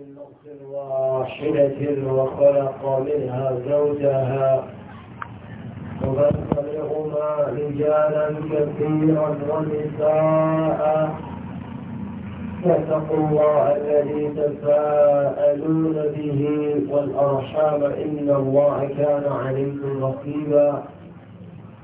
نفس واحدة وخلق منها زوجها وبث لهما رجالا كثيرا ونساء فاتقوا الله الذي تساءلون به والأرحام إن الله كان عليكم رقيبا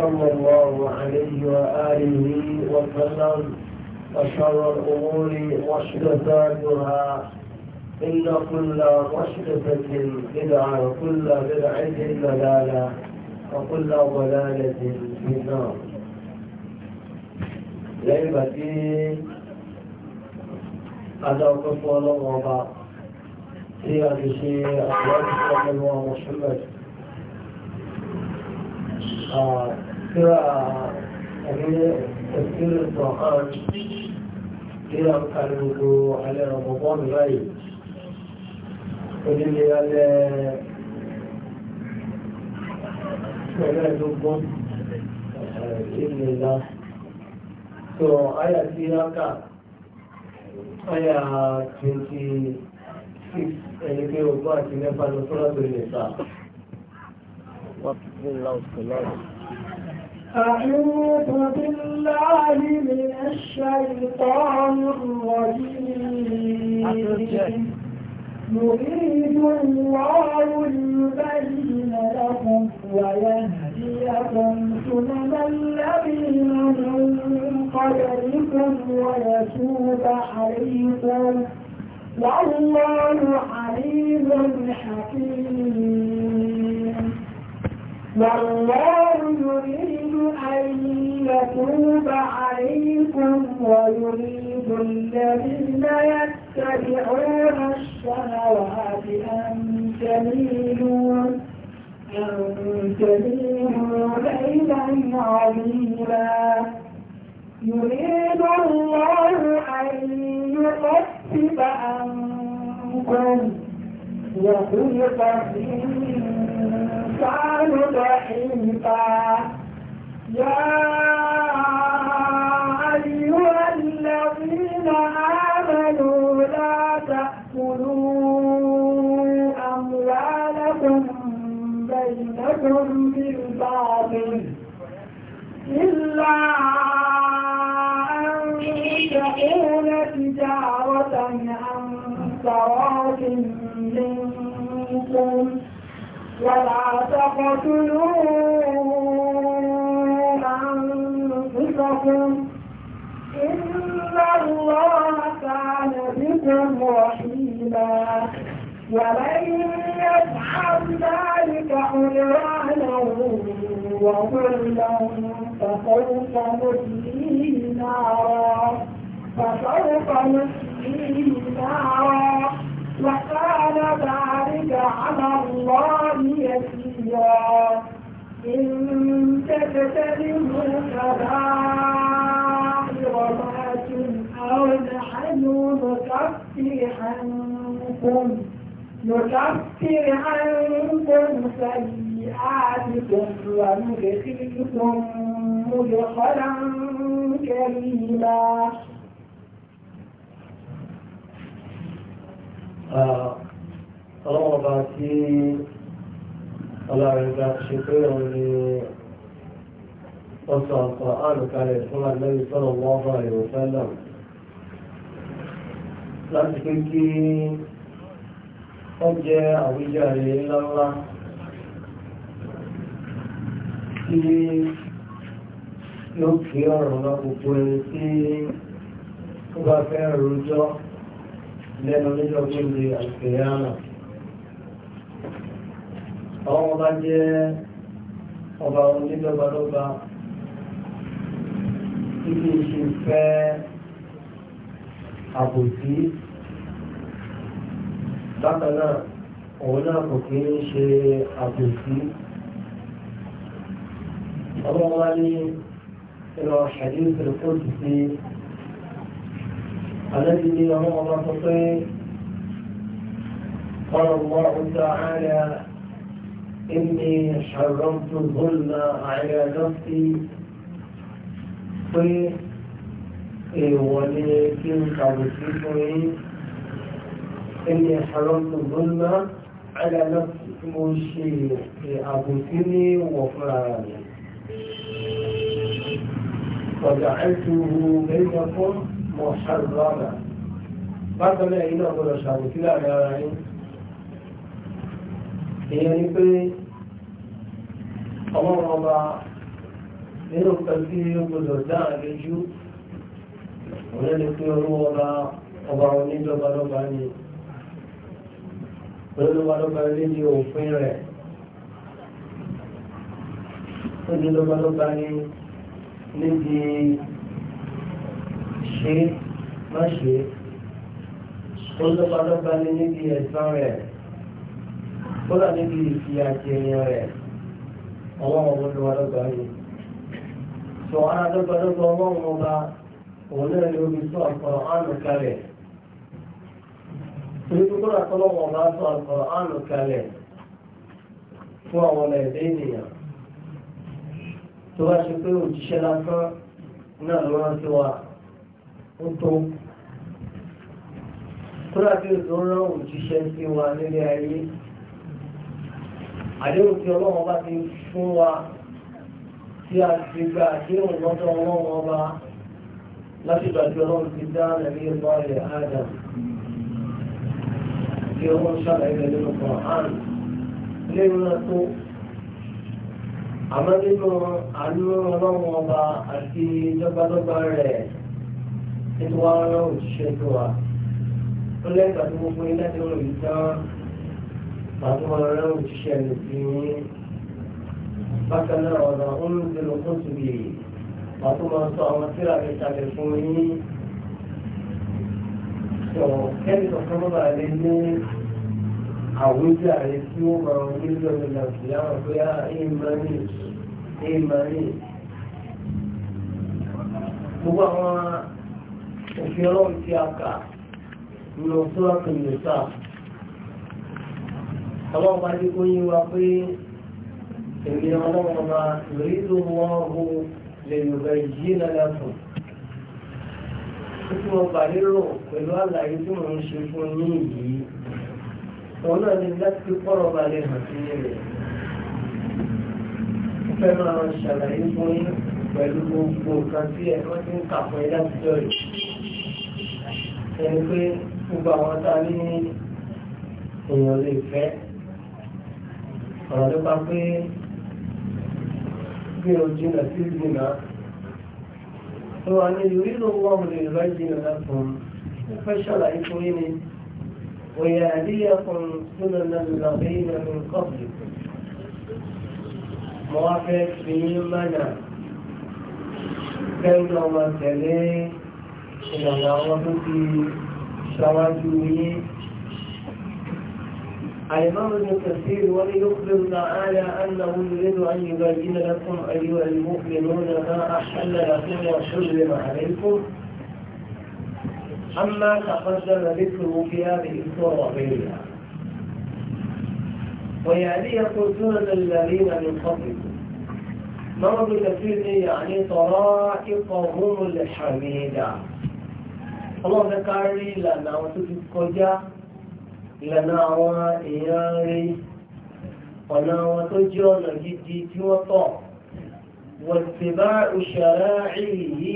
صلى الله عليه وآله وسلم وشر الأمور محدثاتها إن كل محدثة بدعة وكل بدعة ضلالة وكل ضلالة في النار لعبتي أدعوكم الله وبعض في هذه الشيء أخواتي محمد kíra ẹ̀rẹ́ ẹ̀sìnrì tọ̀hán kíra kàrìgbò alẹ́ ọ̀pọ̀pọ̀n báyìí onílé alẹ́ ẹ̀rẹ́dógún ìlélá so àyà tí a kà àyà 26 ẹni pé ogún àti mẹ́fà lọ sọ́rọ̀ tó lè sá What is the loud, the loud? أعوذ بالله من الشيطان الرجيم يريد الله ليبين لكم ويهديكم سنن الذين من قبلكم ويتوب عليكم والله عليم حكيم والله يريد أن يتوب عليكم ويريد الذين يتبعون الشهوات أن تميلوا أن تميلوا ليلا عظيما يريد الله أن يخفف عنكم وخلق الإنسان ضعيفا يا أيها الذين آمنوا لا أموالكم بينكم بالباطل إلا أن تكون تجارة منكم ولا تقتلوا يعذبكم إن الله كان بكم رحيما ومن يفعل ذلك عدوانا وظلما فسوف نسليه نارا فسوف نسليه نارا وكان ذلك على الله يسيرا تجتنبوا كبائر ما أو نحن نكفر عنكم نكفر عنكم سيئاتكم وندخلكم مدخلا كريما ọlọ́wọ́ bá tí ọlọ́rẹ̀ gbá ṣe ọ̀sọ̀ Al-Qur'an kalẹ̀ fún Ànábì sallallahu alaihi wasallam láti pé kí ó jẹ́ àwíjàre ńláńlá tí yóò fi ọ̀rọ̀ lọ gbogbo ẹni tí ó bá fẹ́ rojọ́ lẹ́nu níjọ́ gbogbo àìsèyànà àwọn ọba tí kí n ṣe fẹ́ àbòsí bákan náà òun náà kò kí ń ṣe àbòsí ọlọ́run ní ìlọ ṣàdéhùn tẹlifóòtù sí الذي دينه الله تطيع قال الله تعالى إني حرمت الظلم على نفسي pé èèwọ̀ ni kí n kàbùsí fún yín ẹni àlọ́tò lọ́nà àdàlọ́ tí mo ṣe àbùsí ní wọ̀ fúnra rẹ̀ ọ̀dà ẹ̀tùrù nínú nǹkan tí ó gbọdọ̀ dá àlejò òun ẹni pé ọlọ́wọ́ ọba ọba onídọ́gba lọ́ba ni olódọ́gba lọ́ba ilé ní òfin rẹ̀ onídọ́gba lọ́ba ni níbi ṣe má ṣe olódọ́gba lọ́ba ni níbi ẹ̀san rẹ̀ kódà níbi ìfìyàjẹyàn rẹ̀ ọwọ́ ọmọdé wa lọ́ba ni sọ ara dọ́gbadọ́gba ọlọ́run ọba òun náà ni omi sọ àkọrọ àánú kalẹ̀ torí kókó àtọ́lọ́wọ́ ọba sọ àkọrọ àánú kalẹ̀ fún àwọn ọmọ ẹ̀dẹ́ ènìyàn tó bá ṣe pé òjíṣẹ́ lásán náà ló rántí wa ó tó kódà bí o tó rán òjíṣẹ́ sí wa nílé ayé àdéhùn tí ọlọ́run bá ti fún wa tí a ti gba àdéhùn lọ́dọ̀ ọlọ́run ọba láti gbàgbé ọlọ́run ti dá nàbí ẹ̀rọ rẹ̀ ádà kí ọlọ́run ṣàlàyé rẹ̀ nínú kan án lẹ́yìn náà tó àmọ́ nínú àánú ọlọ́run ọba àti dọ́gbadọ́gba rẹ̀ nítorí wọn rán òṣìṣẹ́ tó wa ó lẹ́yìn tó gbogbo ilé ẹ̀dínwó yìí tán pàtó wọn rán òṣìṣẹ́ lòdì yín bákan náà ọ̀nà olùdílù kóòtù bìí wọ́n tún máa sọ àwọn tíra mi kalẹ̀ fún yín sọ kẹ́mi kankan bá bàa lè ní àwùjọ àrẹ tí ó máa ń gbé lọ́wọ́ ìlànà ìyá wọn pé á ah, ẹ̀yìn máa ní ẹ̀yìn máa ní. gbogbo àwọn òfin ọlọ́run tí a kà lọ sọ́wọ́ kìlọ̀ sáà. àwọn ọba dé kó yín wa pé èmi ọlọ́run ma rídò wọ́n hù lè yorùbá yìí lálàfọ̀ títí mo bà lérò pẹ̀lú àlàyé tí mo ń ṣe fún yín yìí òun náà ni láti pọ̀rọ̀ balẹ̀ hàn sí rẹ̀ mo fẹ́ máa ṣàlàyé fún yín pẹ̀lú gbogbo nǹkan tí ẹ̀ wọ́n ti ń kà fún ẹ láti rẹ̀ ẹni pé gbogbo àwọn tá a ní èèyàn lè fẹ́ ọ̀rọ̀ nípa pé gbé ojúnà sí ìdìnnà tó wà ní ìlú ìlú wọn lè rọ ìdìnnà lọ́kùn fẹ́ ṣàlàyé fún yín ni òyà àdíyàkùn súnà nàlùlà bẹ́yìn nàlù kọ́ọ̀bù mo wá fẹ́ fi yín mánà kẹ́ńtà ọmọ tẹ̀lé ìlànà àwọn tó ti ṣáwájú yín. الإمام ابن كثير وليخبر تعالى أنه يريد أن يبين لكم أيها المؤمنون ما أحل لكم وحرم عليكم أما تقدم ذكره في هذه الصورة غيرها ويعني يقول سنة الذين من قبلكم مرض كثير يعني طرائقهم الحميدة الله ذكر لي لأنه تجد ìlànà àwọn èèyàn rí ọ̀nà wọn tó jẹ́ ọ̀nà gidi tí wọ́n tọ̀ wọ́n ti bá òṣèré yìí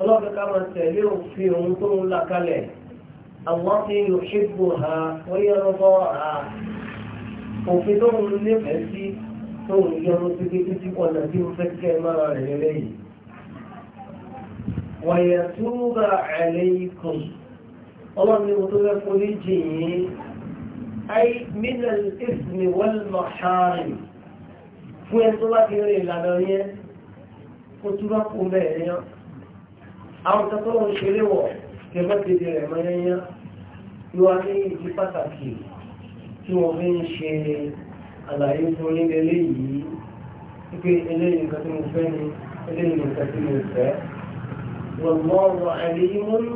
ọlọ́pẹ́ ká máa tẹ̀lé òfin ohun tó ń là kalẹ̀ àwọn tí yóò ṣègbò ha wọ́n yẹ lọ́wọ́ ha òfin tó ń nífẹ̀ẹ́ sí tó ń yọrọ títí títí ọ̀nà tí ó fẹ́ kẹ́ máa rẹ̀ lẹ́yìn. wàyẹ̀ túbà àlẹ́ ikùn ọlọ́run ni mo tó fẹ́ forí jìn ayé mílẹ̀ ìsìn wọ́n lọ ṣáàrin fún ẹni tó bá ti rìn ìlànà yẹn kó túbá kó bẹ́ẹ̀ yẹn àwọn tọ́tọ́ ń ṣeré wọ̀ kẹfẹ́ tètè rẹ̀ mọ́ yẹn yẹn ló wá ní ìdí pàtàkì tí wọ́n fi ń ṣe àlàyé fún ní eléyìí wípé eléyìí nǹkan tí mo fẹ́ ni eléyìí nǹkan tí mo fẹ́ wọ́n mọ́ ọ̀rọ̀ àìlèyí mọ́nú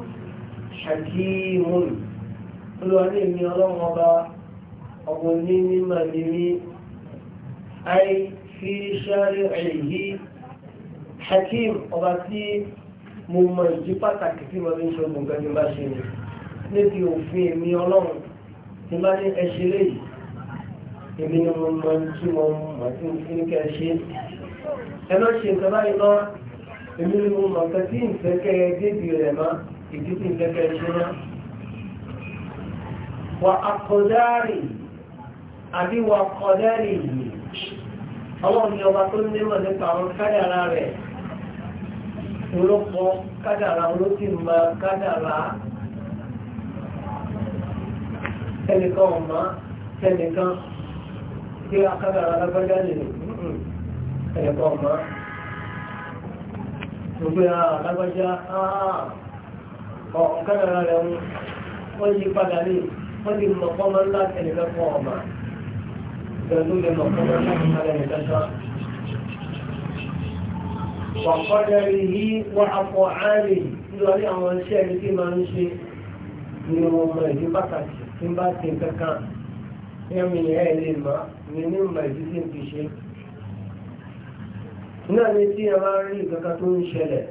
ṣàkíyìmùn olúwa ní èmi ọlọ́run ọba ọmọ ní mímọ̀ ní mí àì fi ṣáré ẹ̀yí ṣàkíyìm ọba tí mo mọ ìdí pàtàkì tí wọ́n fi ń ṣe ogun gẹ́gẹ́ bá ṣe ni níbi òfin èmi ọlọ́run tí bá ní ẹṣẹ léyìí èmi ni mo mọ tí mo mọ tí mo fi ń kẹ́ ṣe ẹ má ṣe nǹkan báyìí lọ èmi ni mo mọ nǹkan tí ìfẹ́ kẹ́ ẹ débi rẹ̀ máa ìdíkù kẹ́kẹ́ ṣúná wà àkọ̀dárì àbí wà kọ̀dárì yìí ọlọ́run ni ọba tó nímọ̀ nípa àwọn kádàrá rẹ̀ olóko kádàrá olókì mọ kádàrá ẹnìkan ọ̀mọ́ ẹnìkan tí a kádàrá lágbájá nìyí ẹnìkan ọ̀mọ́ gbogbo àwọn alágbájá ah, áá. Ah. Ọ ara rẹ̀ ń wọ́n yí padà ní wọ́n lè mọ̀ kọ́ máa ń láti ẹni ga ọ̀mà pẹ̀lú lè mọ̀ kọ́ máa ń láti ẹni lẹ́kọ̀ọ́ wàkọ́dẹ̀ afọ àárẹ̀ lórí àwọn iṣẹ́ ẹni tí máa ń ṣe ní ọmọ ìlú pàtàkì tí ń bá ti kankan ẹ̀mí ẹ̀ lè ní ìdí tí ṣe. náà ni tí ẹ bá rí tó ń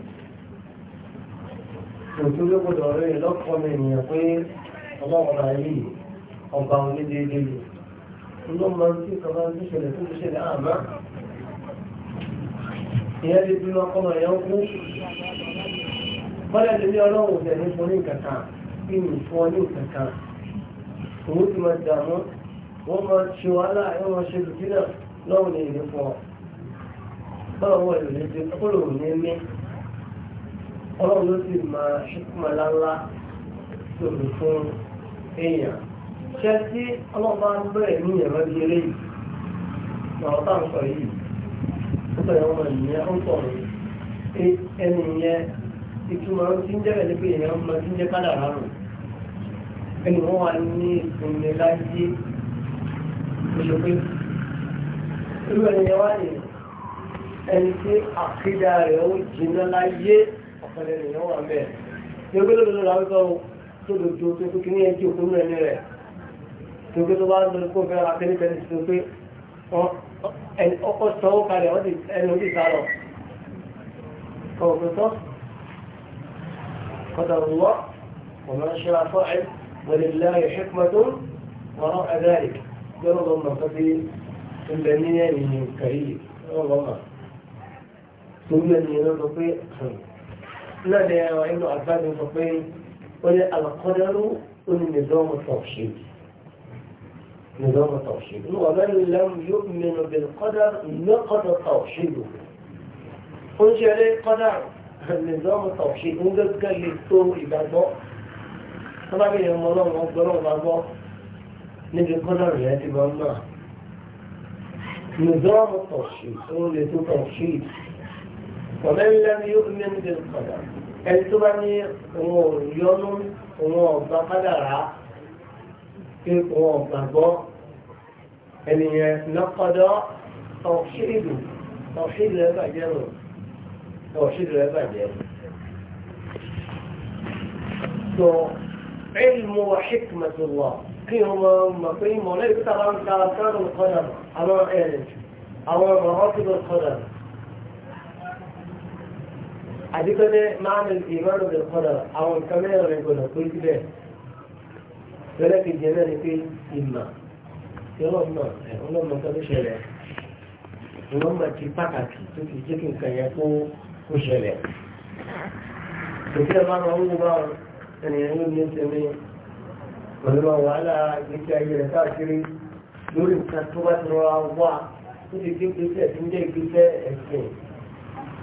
tòótọ́ ló gbọdọ̀ rẹ̀ lọ́kọ̀ọ́ pé ọlọ́ọ̀bà yìí ọba onídéédé lò ọlọ́mọ tí kọ̀ọ̀bá ń ṣẹlẹ̀ tó ti ṣẹlẹ̀ àmá ìyẹn lè bínú ọkọ̀nà yẹn kú bọ́lá lè ní ọlọ́run ọ̀sẹ̀ ní fún ní kàkà kí ni fún ọ ní kàkà òun ti máa dààmú wọ́n máa ṣe wàhálà ẹ̀ wọ́n ṣe lùdí lọ́run ní ìlú fún ọ ọlọ́run ló sì máa ṣùkúmọ̀ láńlá lòdì fún èèyàn ṣé tí ọlọ́run bá ń bẹ̀rẹ̀ ní ìrọ̀ di eléyìí lọ́wọ́ tá à ń sọ yìí ó bẹ̀rẹ̀ ọmọ ìyẹn ó ń pọ̀ ní ẹni yẹn ìtumọ̀ ti ń jẹ́rẹ̀ ní pé èèyàn máa ti ń jẹ́ kádàrá rùn ẹni wọ́n wà ní ìpinnu láyé òṣèpé irú ẹni yẹn wá ní ẹni tí àkídà rẹ̀ ó jìnnà láyé. ọ̀kan lẹ́nu yẹn wà mẹ́ẹ̀ tí ó gbélé lọ́dọ̀ láwùjọ tó dodo tó tó kíní ẹni tí òkú nù ẹni rẹ̀ tó gbé tó bá ń lọ kó fẹ́ ra kéré tẹ́lẹ̀ tó pé ọkọ̀ sanwó kalẹ̀ wọ́n ti ẹni orí ìsàlọ̀ kọ̀ọ̀kọ̀tọ̀ kọ̀tàlùwọ́ ọ̀nà ṣe àfọ́ẹ̀ ولله حكمة وراء ذلك جرى الله في البنية من كريم الله ثم الذين تطيع náà ni ẹ̀rọ inú àgbàdo sọ pé ó ní alùpàdánù ó ní nìdánwò tọ̀ṣì nìdánwò tọ̀ṣì ní ọ̀gá ni lẹ́mú yóò mẹ́nu bẹ̀rẹ̀ kọ́dà mẹ́kọ̀dọ̀ tọ̀ṣì lò ó ń ṣeré kọ́dà nìdánwò tọ̀ṣì ń gẹ́gẹ́ lè tó ìgbàgbọ́ tọ́lá bí ẹ̀rọ ọlọ́run ọgbọ́n ọgbàgbọ́ níbi kọ́dà rẹ̀ ti bọ́ náà nìdánwò tọ̀ṣì ó lè tó tọ̀ṣì ومن لم يؤمن بالقدر ẹni tó bá ní òun ò yọnu òun ọ̀gbà kádàrá pé òun ọ̀gbà gbọ́ ẹnìyẹn lọ́kọ́dọ́ ọ̀ṣídù ọ̀ṣídù rẹ̀ bàjẹ́ rò ọ̀ṣídù rẹ̀ bàjẹ́ rò. tó ilmu wa hikmatullah kí wọ́n mọ̀ pé ìmọ̀ lẹ́yìn tó tàbá ń ta kárùn-ún kọ́dà àwọn ẹ̀rìn àwọn ọ̀rọ̀ tó kọ́dà àdìkọ́lẹ́ máa ń fi ìmọ̀ràn rẹ̀ kọ́nà àwọn nǹkan mẹ́rin rẹ̀ gbọ́dọ̀ pé síbẹ̀ lọ́lẹ́ kejì náà ni pé ìmọ̀ tí ọlọ́mọ ẹ̀ ọlọ́mọ nǹkan tó ṣẹlẹ̀ ìwọ́mọ̀ ti pàtàkì tó fi jẹ́ kí nǹkan yẹn kó kó ṣẹlẹ̀ òkè máa ń wọ́n wá ènìyàn yóò ní sẹ́mi pẹ̀lú wàhálà ìgbésí ayé rẹ̀ káàkiri lórí nǹkan tó bá ti rọra wá ó ti gbé gbèsè tó ń jẹ́ ìgbésẹ̀ ẹ̀sìn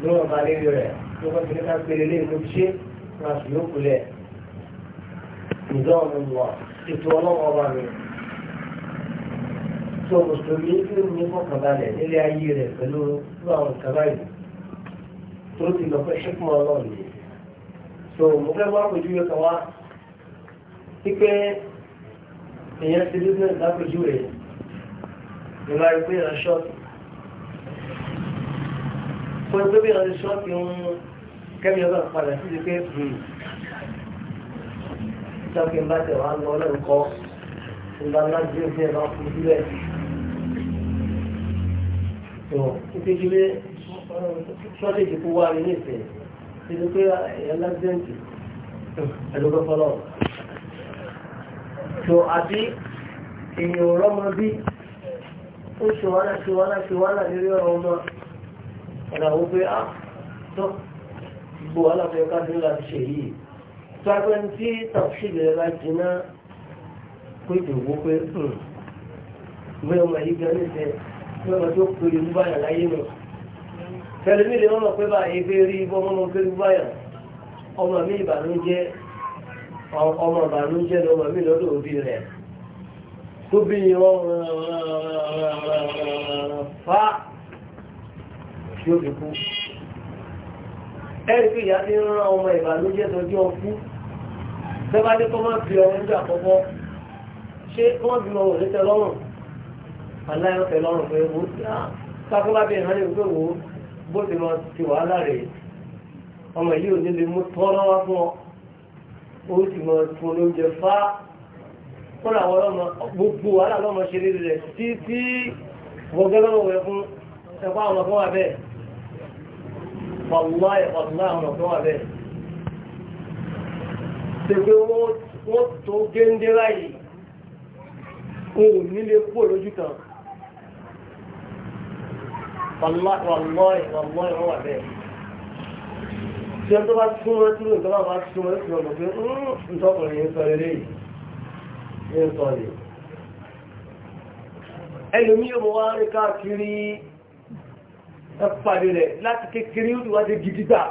ní ọ̀bá lérí rẹ̀ lọ́kọ́ tẹ̀lé ká péré lé ìlú ṣé máa fi yóò kulẹ̀ ìdánwò wà ètò ọlọ́wọ́ ọba mi. tó mùsùlùmí ló ní fọkànbalẹ̀ nílé ayé rẹ̀ pẹ̀lú irú àwọn ìkàrà yìí tó ti lọ pé ṣẹ́kùn ọlọ́run yìí. tó mo fẹ́ wá pẹ̀lú yóò kàn wá pípẹ́ èèyàn ti bí bẹ́ẹ̀ kẹ́mi ọlọ́run padà sí ti pé tọ́kì hmm, bá tẹ̀ wá lọ lẹ́nu kọ́ ìgbà ńlá bí ó fi ẹ̀ bá kú sílẹ̀. tó ìpèjìlé ṣọ́ọ̀tì wá ní nísìnyí ti di pé ẹ̀yà lágbẹ́ǹtì ẹ̀dọ́gbẹ́ fọlọ́. tó àbí èèyàn rọ́mọ bí ó ṣe wàhálà ṣe wàhálà ṣe wàhálà lórí ọmọ ọ̀dà wo pé á ah, tó gbogbo aláfẹ́ káfíń láti ṣe yìí sáfẹ́ tí tàfíìlì láti jiná pé ìdòwò pé ìwé yìí gan níṣẹ́ ìwé tó pè é báyà láyé nù tẹ̀lé mi lè mọ̀ pé báyìí fẹ́ rí ibọ́ mọ́ pé báyà ọmọ mi ìbànújẹ́ ọmọ ìbànújẹ́ ni ọmọ mi lọ́dọ̀ òbí rẹ̀ tó bí ni wọ́n fa tí ó fi kú ẹ̀rí pé ìyá ti ń rán ọmọ ìbànújẹ́ lọ́jọ́ ọkú tẹ́bá ní kọ́ máa fi ọmọ ìjọ àkọ́kọ́ ṣé kọ́ bí ọmọ òní tẹ lọ́rùn aláyọ̀ tẹ lọ́rùn pé wò ó sáfún bá bẹ̀rẹ̀ náà pé wò ó bó ti lọ ti wàhálà rẹ̀ ọmọ yìí ò ní lè mú tọ́lọ́ wá fún ọ ó sì mọ fún oúnjẹ fá fún àwọn ọlọ́mọ gbogbo wàhálà lọ́mọ ṣe rí rẹ̀ títí wọ́gẹ́ lọ́mọ wẹ̀ fún ẹ̀kọ́ àwọn ọmọ fún wa bẹ́ẹ̀ wàláì ọ̀nà àwọn ọ̀dọ́ wà bẹ́ẹ̀. ṣe pé wọ́n tó géńdé láyé ohun nílé pò lójú kan wàláì wàláì wọ́n wà bẹ́ẹ̀. ṣe tó bá súnmọ́ tí lóun tó bá wá súnmọ́ tí lóun pé ntọ́kùnrin ń sọ eré yìí ń sọ ni. ẹlòmíì mo wá rí káàkiri ẹ̀pàdé rẹ̀ láti kékeré ó ti wá dé gidi gbà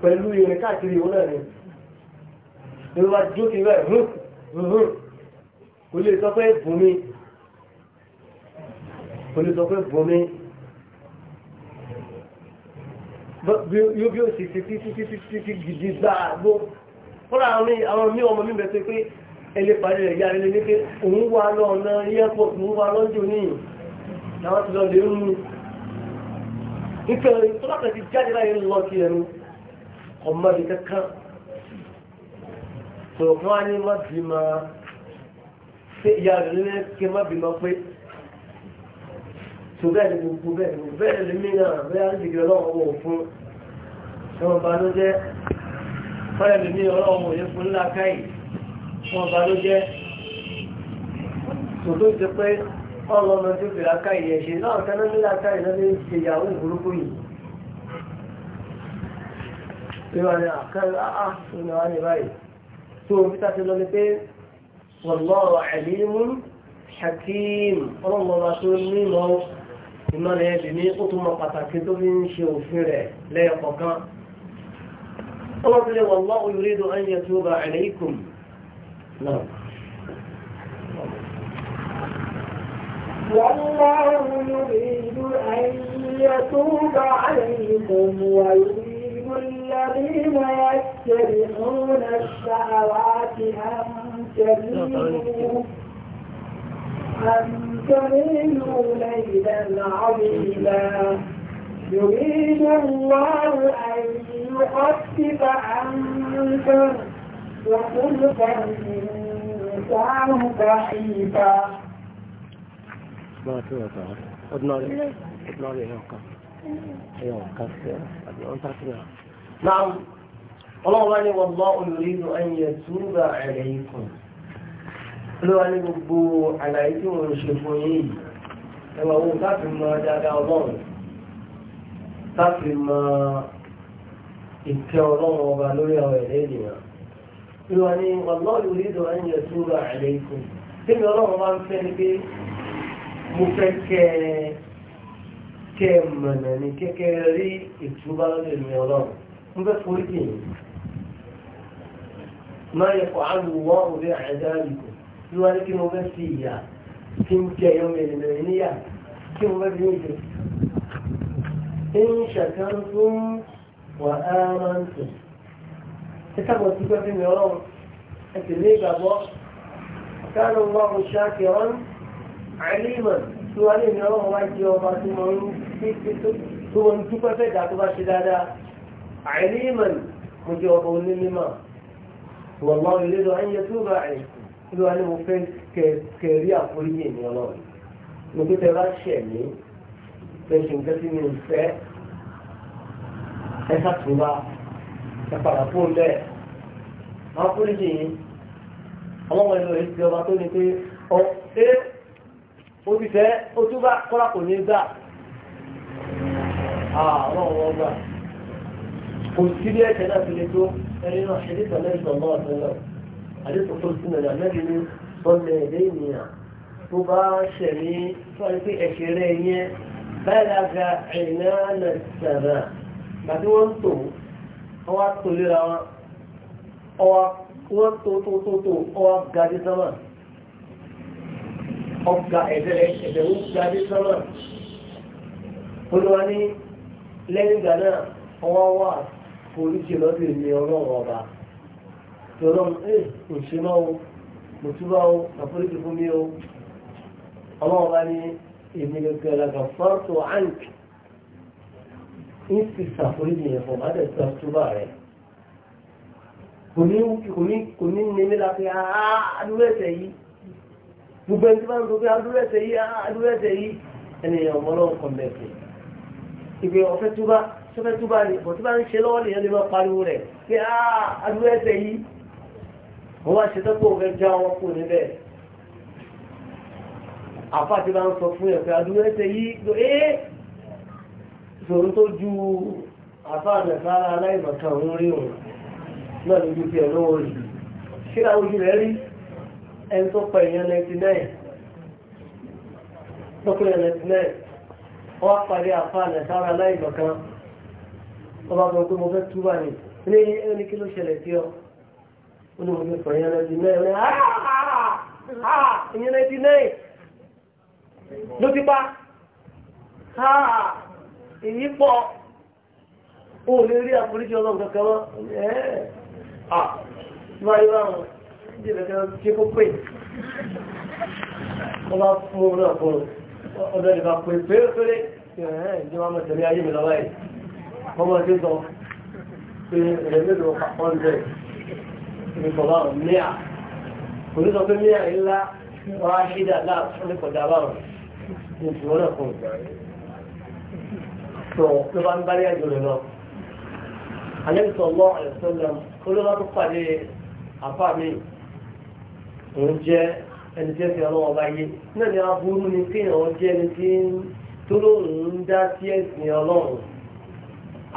pẹ̀lú ìrìn káàkiri ìwọ́n náà ni ìwọ́n wá dúró kí rẹ̀ hùn hùn kò lè sọ pé bùn mi kò lè sọ pé bùn mi yóò bí ó sì ti ti ti ti ti ti gidi gbà gbó fúnra àwọn mí ọmọ mi bẹ̀rẹ̀ pé ẹlẹ́ parí rẹ̀ yára lé ní pé òun wà lọ́ọ̀nà airport òun wà lọ́jọ́ níyìn làwọn ti lọ lè ń mú nítorí tó bá kàn ti jáde láyé lọ sí ẹnu ọmọdé kankan sọ̀rọ̀ fún wa ní má bí ma ṣe ìyá rẹ̀ lé kí má bí ma pé tó bẹ́ẹ̀ ni gbogbo bẹ́ẹ̀ ni bẹ́ẹ̀ lè mí bẹ́ẹ̀ ń jìgìrì ọlọ́run wò fún ẹ̀wọ̀n balójẹ́ bẹ́ẹ̀ lè mí ọlọ́run wò yẹ fún ńlá káyì ẹ̀wọ̀n balójẹ́ tòótọ́ ti pé ọlọ́ ọmọ tó fi láká ìyẹn ṣe náà tẹ́lẹ̀ ní láká ìyẹn ló ń ṣe ìyàwó ìburúkú yìí. ìwà ni àkàrà áá ìwà wà ní báyìí. tó o fita ti lọ ni pé wallahu alimun hakim ọlọ́mọ bá tó ní ìmọ̀ ìmọ̀ rẹ̀ ó tún mọ pàtàkì tó fi ń ṣe òfin rẹ̀ lẹ́yọkọ̀ọ̀kan. ọlọ́pìnrin wallahu yuridu an yatuba alaykum náà. والله يريد أن يتوب عليكم ويريد الذين يتبعون الشهوات أن تميلوا أن تميلوا ليلا عظيما يريد الله أن يخفف عنكم وخلق الإنسان ضعيفا ما شو تعرف أدنى أدنى يوكا يوكا أدنى نعم ọlọ́run wá ní wallahu yuridu an yatuba alaykum ló wá ní gbogbo àlàyé tí wọ́n ṣe fún yìí ẹwà owó káfí mọ dáadáa ọlọ́run káfí mọ ìkẹ́ ọlọ́run ọba lórí àwọn ẹ̀rẹ́ ènìyàn ló wá ní wallahu yuridu an yatuba alaykum tí mi ọlọ́run wá ń fẹ́ mo fẹ́ kẹ́ ẹ kẹ́ ẹ mọ̀nà ní kẹ́kẹ́ rí ìtúbà lọ́dọ̀ mi ọlọ́run mo fẹ́ forí jì yín máa yẹ kó àlù wọ́n òbí àdá ìgò wọ́n kí mo fẹ́ fi ìyà kí n jẹ ẹyọ mẹ̀rẹ̀mẹ̀rẹ̀ níyà kí mo fẹ́ fi ní ìjẹ. إن شكرتم وآمنتم كتبوا الكتاب من يرون أنت ليه قابوا كان الله شاكرا àìlímọ̀ tí wọ́n lè ní ọmọ wá jẹ́ ọba tí wọ́n ń tó wọ́n dúpẹ́ fẹ́ dà tó bá ṣe dáadáa àìlímọ̀ mo jẹ́ ọba onímọ̀ wọ́n lọ ilé lọ ẹ̀yẹ tó bá ẹ̀ kí wọ́n ní mo fẹ́ kẹrí àforíyè ní ọlọ́run mo gbé tẹ́lá ṣẹ̀ mí fẹ́ṣin kẹ́sí mi fẹ́ ẹ ṣàtúnbá ẹ padà fún un bẹ́ẹ̀ àforíyè yìí ọlọ́run ẹ̀ lọ èsì ọba tó ní pé ọ̀ ẹ́ oríṣẹ́ ó tún bá kọ́lá kò ní gbà àwọn ọmọ ọgbà kò sí bí ẹ̀ṣẹ̀ náà fi lè tó ẹni náà ṣẹlẹ̀ tẹ̀lé ìtọ̀mọ́ ọ̀tọ̀lọ́ àdéhùn tó sínú ẹ̀dá mẹ́rin ní sọ́lẹ̀ èdè ènìyàn tó bá ṣẹ̀ ní sọ́ni pé ẹ̀ṣẹ̀ rẹ̀ yẹn balaga ìnáàlà sàrà gbàtí tó tó tó tó sọ́mọ́ ọgbà ẹ̀dẹ̀wó gbadé sọ́nà olúwa ní lẹ́yìn ìgbà náà ọwọ́ wà foríṣi lọ́dún ìní ọlọ́run ọba tọ́lọ́m ẹ̀ kò ṣe mọ́ o mo túbọ̀ o àforíṣi fún mi o ọlọ́run ọba ní èmi gẹ́gẹ́ lága fọ́ọ̀tò àǹk ń fi ṣàforíṣi yẹn fún ọmọdé tó túbọ̀ rẹ̀ kò ní kò ní kò ní nímí láti àá yìí gbogbo ẹni tí wọ́n ń sọ pé adúrẹ́sẹ̀ yìí ah, adúrẹ́sẹ̀ yìí ẹnìyàn ọmọlọ́wọ́ kan mẹ́fẹ̀ ìgbé ọ̀fẹ́ tó bá sọfẹ́ tó bá ní bọ̀ tí bá ń ṣe lọ́wọ́ nìyẹn lè máa pariwo rẹ̀ pé ah, adúrẹ́sẹ̀ yìí wọ́n wá ṣetán pé òun já wọn kú níbẹ̀ àfa ti bá ń sọ fún yẹn pé adúrẹ́sẹ̀ yìí ẹ́ sòrò tó ju àfa àgbẹ̀sára aláìmọ̀kan òun rí òun náà lójú tiẹ̀ lọ́wọ́ rí kí ẹni tó pa èèyàn 99 tó pa èèyàn 99 wọ́n parí àfààlẹ̀ sára aláìmọ̀kan wọ́n bá gbọ́n pé mo fẹ́ túbà ní ní ẹni kí ló ṣẹlẹ̀ sí ọ ó ní mo fi pa èèyàn 99 ní ah, ah, ah, èèyàn 99 ló ti pa èyí pọ̀ ó lè rí àforíjì ọlọ́run kankan mọ́ ẹ̀ẹ́ à báyìí báwọn díẹ̀ kan ṣe kó pè wọ́n bá fún un náà fún ọ̀dọ́ ìbá pè pérépéré ìjọba máa tẹ̀lé ayé mi lọ́wọ́ yìí wọ́n máa dé sọ pé ẹ̀rẹ́ mélòó pàpọ̀ ń bẹ̀ ní bọ̀bá ọ̀ míà kò ní sọ pé míà ńlá wọ́n á ṣídà láàfin ní kọjá báwọn ní ìṣòro náà fún un tó ló bá ń bá rí àjò rẹ̀ lọ. àlẹ́ ìsọ̀lọ́ àìsọ̀lọ́ olóòwò tó pàdé àfáà mi òun jẹ́ ẹni tí ó fi ọlọ́wọ́ bá yé náà ni aburú ni kí èèyàn jẹ́ ẹni tí tó lóun ń dá sí ẹ̀sìn ọlọ́run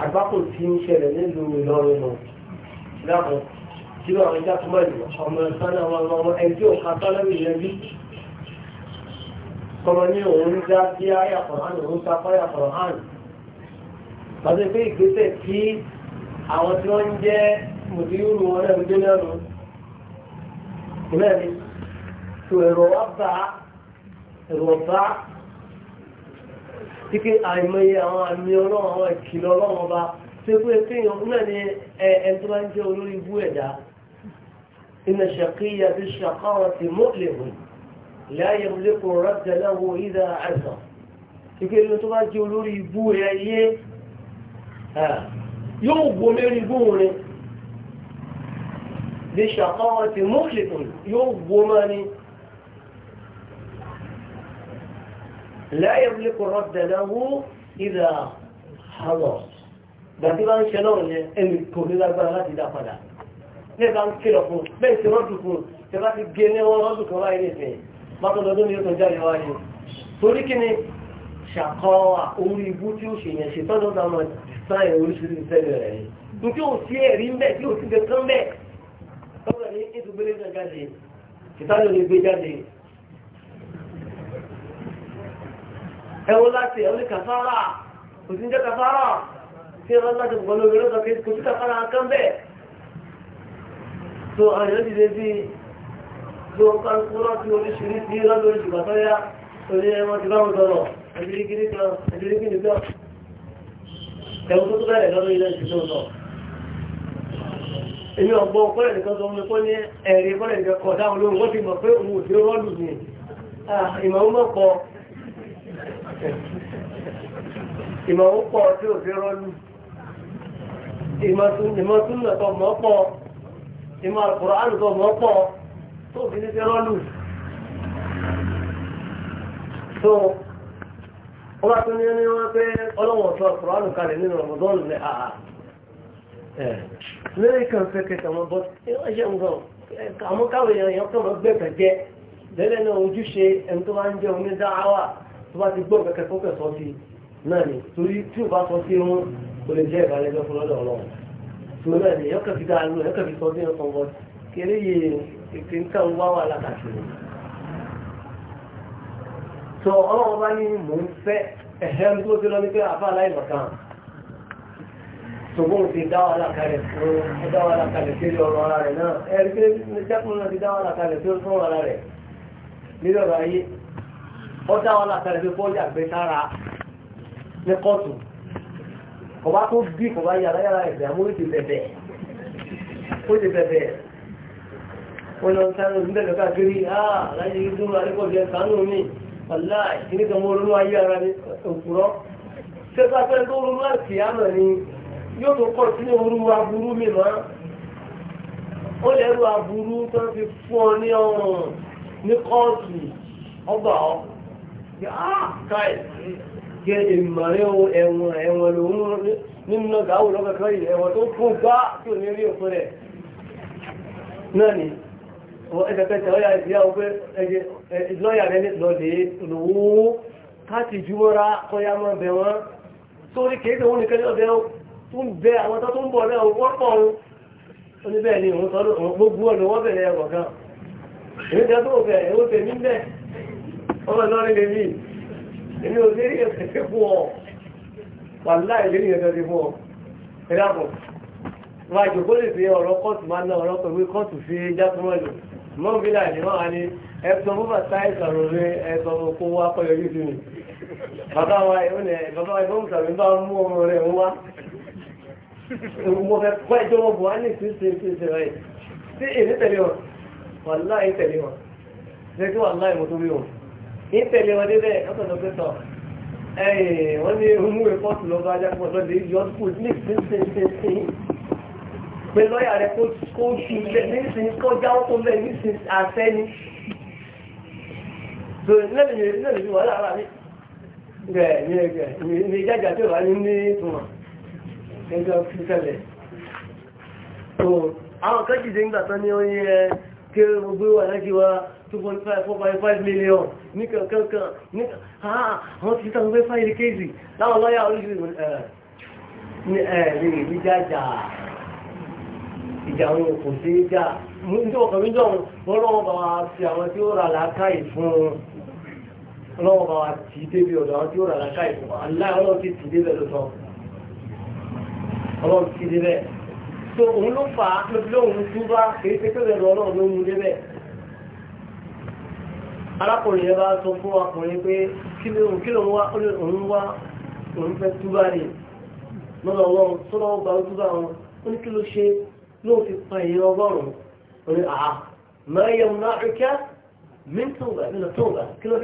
àgbákò tí ń ṣẹlẹ̀ nílùú ìlọrin nù dákun kí ló àwọn ìjà tó mọ̀ ìlú ọmọ ìsáná ọmọ ọmọ ẹni tí òun ká sálẹ́rì kọ́mọ ní òun ń dá sí ayàkọ̀rọ̀ hàn òun ta fáyàkọ̀rọ̀ hàn pàṣẹ pé ìgbésẹ̀ tí àwọn tí wọ́n ń jẹ́ mùsùlùmí wọn náà ìlẹ́ni tó ẹ̀rọ wá bá ẹ̀rọ bá kíkẹ́ àìmọye àwọn àmì ọlọ́run àwọn ìkìlọ̀ ọlọ́run ọba tó ẹgbẹ́ kéèyàn náà ni ẹni tó bá ń jẹ́ olórí ibú ẹ̀dá iná ṣàkíyà bí ṣàkáwà ti mọ́lẹ̀hùn láyé lẹ́kọ̀ọ́ rẹ̀ láwọ ìdá àìsàn kíkẹ́ ẹni tó bá jẹ́ olórí ibú ẹ̀yẹ yóò gbọ́ gbóhùn rẹ̀ bí ṣàkọ́wọ́ ti mọ́kìlìkùn yóò wó máa ní láyé wílé kò rọ́dẹ̀ lẹ́wọ́ ìdá àlọ́ gbàtí bá ń ṣe náà yẹn ẹni kò ní lágbára láti dá padà bẹ́ẹ̀ bá ń kìlọ̀ fún bẹ́ẹ̀ ti rọ́dù fún tẹ bá ti gé ní wọn rọ́dù kan láyé nìsín mọ́tòlódún yóò tó jáde wáyé torí kí ni ṣàkọ́wà orí ibú tí ó ṣe yẹn ṣe tọ́jú ọ̀dà ọmọ sáyẹn oríṣiríṣi tẹ́lẹ̀ rẹ̀ ní tí ò sí ẹ̀rí ń bẹ tí ò sí kankan bẹ́ẹ̀ gbé jáde ìtàlẹ̀ lè gbé jáde ẹwọ́ láti ẹ̀wọ́ ní kàfàrà kò sí jẹ́ kàfàrà tí ẹ̀wọ́ láti gbọ́n lórí lọ́sọ̀ kí kò sí kàfàrà kan bẹ́ẹ̀ tó àyàn ti dé sí tó ọkọ̀ ìkúrọ̀ tí oríṣiríṣi lọ́dọ̀ oríṣìgbà tó yá orí ẹ̀wọ́n ti bá wọn sọ̀rọ̀ ẹ̀dìrí kìnnìkan ẹ̀dìrí kìnnìkan ẹ̀wọ́ tó tó bẹ̀rẹ̀ lọ́dọ̀ ilẹ̀ ìṣẹ́ èmi ọ̀gbọ́n kọ́lẹ̀ nìkan sọ mi kọ́ ní ẹ̀rí kọ́lẹ̀ nìkan kọ̀ dáhùn lóhùn wọ́n ti mọ̀ pé òun ò dé rọ́ọ̀lù ni ìmọ̀wó mọ̀ pọ̀ ìmọ̀wó pọ̀ tí ò dé rọ́ọ̀lù ìmọ̀ tún lọ̀tọ̀ mọ̀ pọ̀ ìmọ̀ àkùrọ̀ àlùkọ̀ mọ̀ pọ̀ tó fi ní dé rọ́ọ̀lù. tó wọ́n bá tún ní wọ́n Eh. lórí kan fẹ́ kẹta wọn bọ́ ẹ̀ṣẹ̀ ń gan àwọn káwọn èèyàn kan máa gbẹ̀kẹ̀ jẹ́ lẹ́lẹ́ náà ojúṣe ẹni tó bá ń jẹ́ omi dáhàwà tó bá ti gbọ́ kẹ̀kẹ́ fún kẹsọ́ sí náà ni torí tí o bá sọ sí wọn o lè jẹ́ ìbálẹ́jọ́ fún lọ́dọ̀ ọlọ́run tó náà ni ẹ̀yọ́ kẹfì dáa lọ ẹ̀yọ́ kẹfì sọ sí ẹ̀kọ́ wọn kéré yé ètè ṣùgbọ́n ti dá wàhálà kalẹ̀ fún ó dá wàhálà kalẹ̀ sí ọ̀rọ̀ ara rẹ̀ náà ẹ̀rí pé ṣẹ́kùn náà ti dá wàhálà kalẹ̀ sí ọ̀rọ̀ ara rẹ̀ nílẹ̀ ọ̀rọ̀ ayé ó dá wàhálà kalẹ̀ sí fọ́ọ̀jà gbé sára ní kóòtù kò bá tó bí kò bá yàrá yàrá ẹ̀bẹ̀ àmú ti bẹ̀bẹ̀ ó ti bẹ̀bẹ̀ ó lọ sáré ní bẹ̀rẹ̀ káàkiri áà láyé dúró alẹ́kọ̀ọ́jẹ́ sánú mi wàlá ni yóò tó kọ́ sí orú aburú mi mọ́ ó lẹ́rú aburú tó fi fún ọ ní ọrùn ní kóòtù ọgbà ọ káì jẹ o ẹ̀wọ̀n ẹ̀wọ̀n lòun nínú gàáwò lọ́kọ̀ọ́kọ́ yìí ẹ̀wọ̀n tó fún gbá tí ò ní rí òfin rẹ̀ náà ni ẹ̀kẹ́kẹ́kẹ́ ọ̀yà ìdíyà ọgbẹ́ lọ́yà rẹ̀ lọ́lẹ̀ lòwó káàkiri jùmọ́ra kọ́yà mọ́ bẹ̀ wọ́n sórí kéèké òun nìkan ní ọ̀bẹ̀ ń bẹ àwọn tó ń bọ̀ náà wọ́n pọ̀ ń oníbẹ̀ ni òun tọ́lú òun gbogbo ọ̀nà wọ́n bẹ̀rẹ̀ ẹ̀wọ̀ kan èyí jẹ́ tó bẹ̀ ẹ̀wọ́ tèmi ń bẹ̀ ọmọ lọ́rin lèmi èmi ò lérí ẹ̀sẹ̀ fún ọ wàlá ìlérí ẹ̀sẹ̀ fún ọ ẹ̀dá bọ̀ wọ́n lè fi ọ̀rọ̀ kọ́ọ̀tù máa ná ọ̀rọ̀ pẹ̀lú kọ́ọ̀tù fi jákúmọ́ lò mọ́bílà ni wọ́n á ní ẹ̀sọ́ fúnfà sáìsà rẹ̀ ẹ̀sọ́ kó wá pẹ̀lú ojú sí mi bàbá wa ìbọn sàmì bá mú ọmọ rẹ̀ ń wá mo fẹ́ kọ́ ẹjọ́ wọn bọ̀ á ní ìsìn ṣe ṣe ṣe rẹ̀ sí èmi tẹ̀lé wọn wàláì tẹ̀lé wọn ṣe kí wàláì mo tó rí wọn ní tẹ̀lé wọn débẹ̀ ọ̀tọ̀tọ̀ pé tọ̀ ẹ̀yìn wọ́n ní mú rìpọ́ọ̀tù lọ́gbà ajápọ̀ lọ́dẹ yọ skul ní ìsìn ṣe ṣe ṣe pé lọ́ọ̀yà rẹ̀ kó ṣu lẹ̀ nísìn kọjá ó tó lẹ̀ nísìn àṣẹ ni lẹ́yìn lẹ́yìn wàhálà rà ní ìjájà tí ò bá ní ní ìtumọ̀ ẹjọ́ fi tẹ́lẹ̀ tó àwọn kan jìde ń gbàtán ní oyin ẹ kí o gbé wà láti wá 2.5 million ní kankan ní àwọn ti tàn gbé fáìlì kéèzì láwọn lọ́yà oríṣiríṣi ní ìjájà ìjà àwọn òkú ìjà ọlọ́run ti dé bẹ́ẹ̀ tó òun ló fà á lóbi lóhùn túbá kìí ṣe kéde lọ ọlọ́run ló mú dé bẹ́ẹ̀. arákùnrin yẹn bá sọ fún ọkùnrin pé kí ló ń kí ló ń wá òun wá òun fẹ́ túbá rè lọ́dọ̀ wọn sọ́dọ̀ wọn gba túbá wọn ó ní kí ló ṣe lóun ti pa èèyàn ọgọ́rùn-ún ó ní àá mẹ́rin náà kíá mí tóba nínú tóba kí ló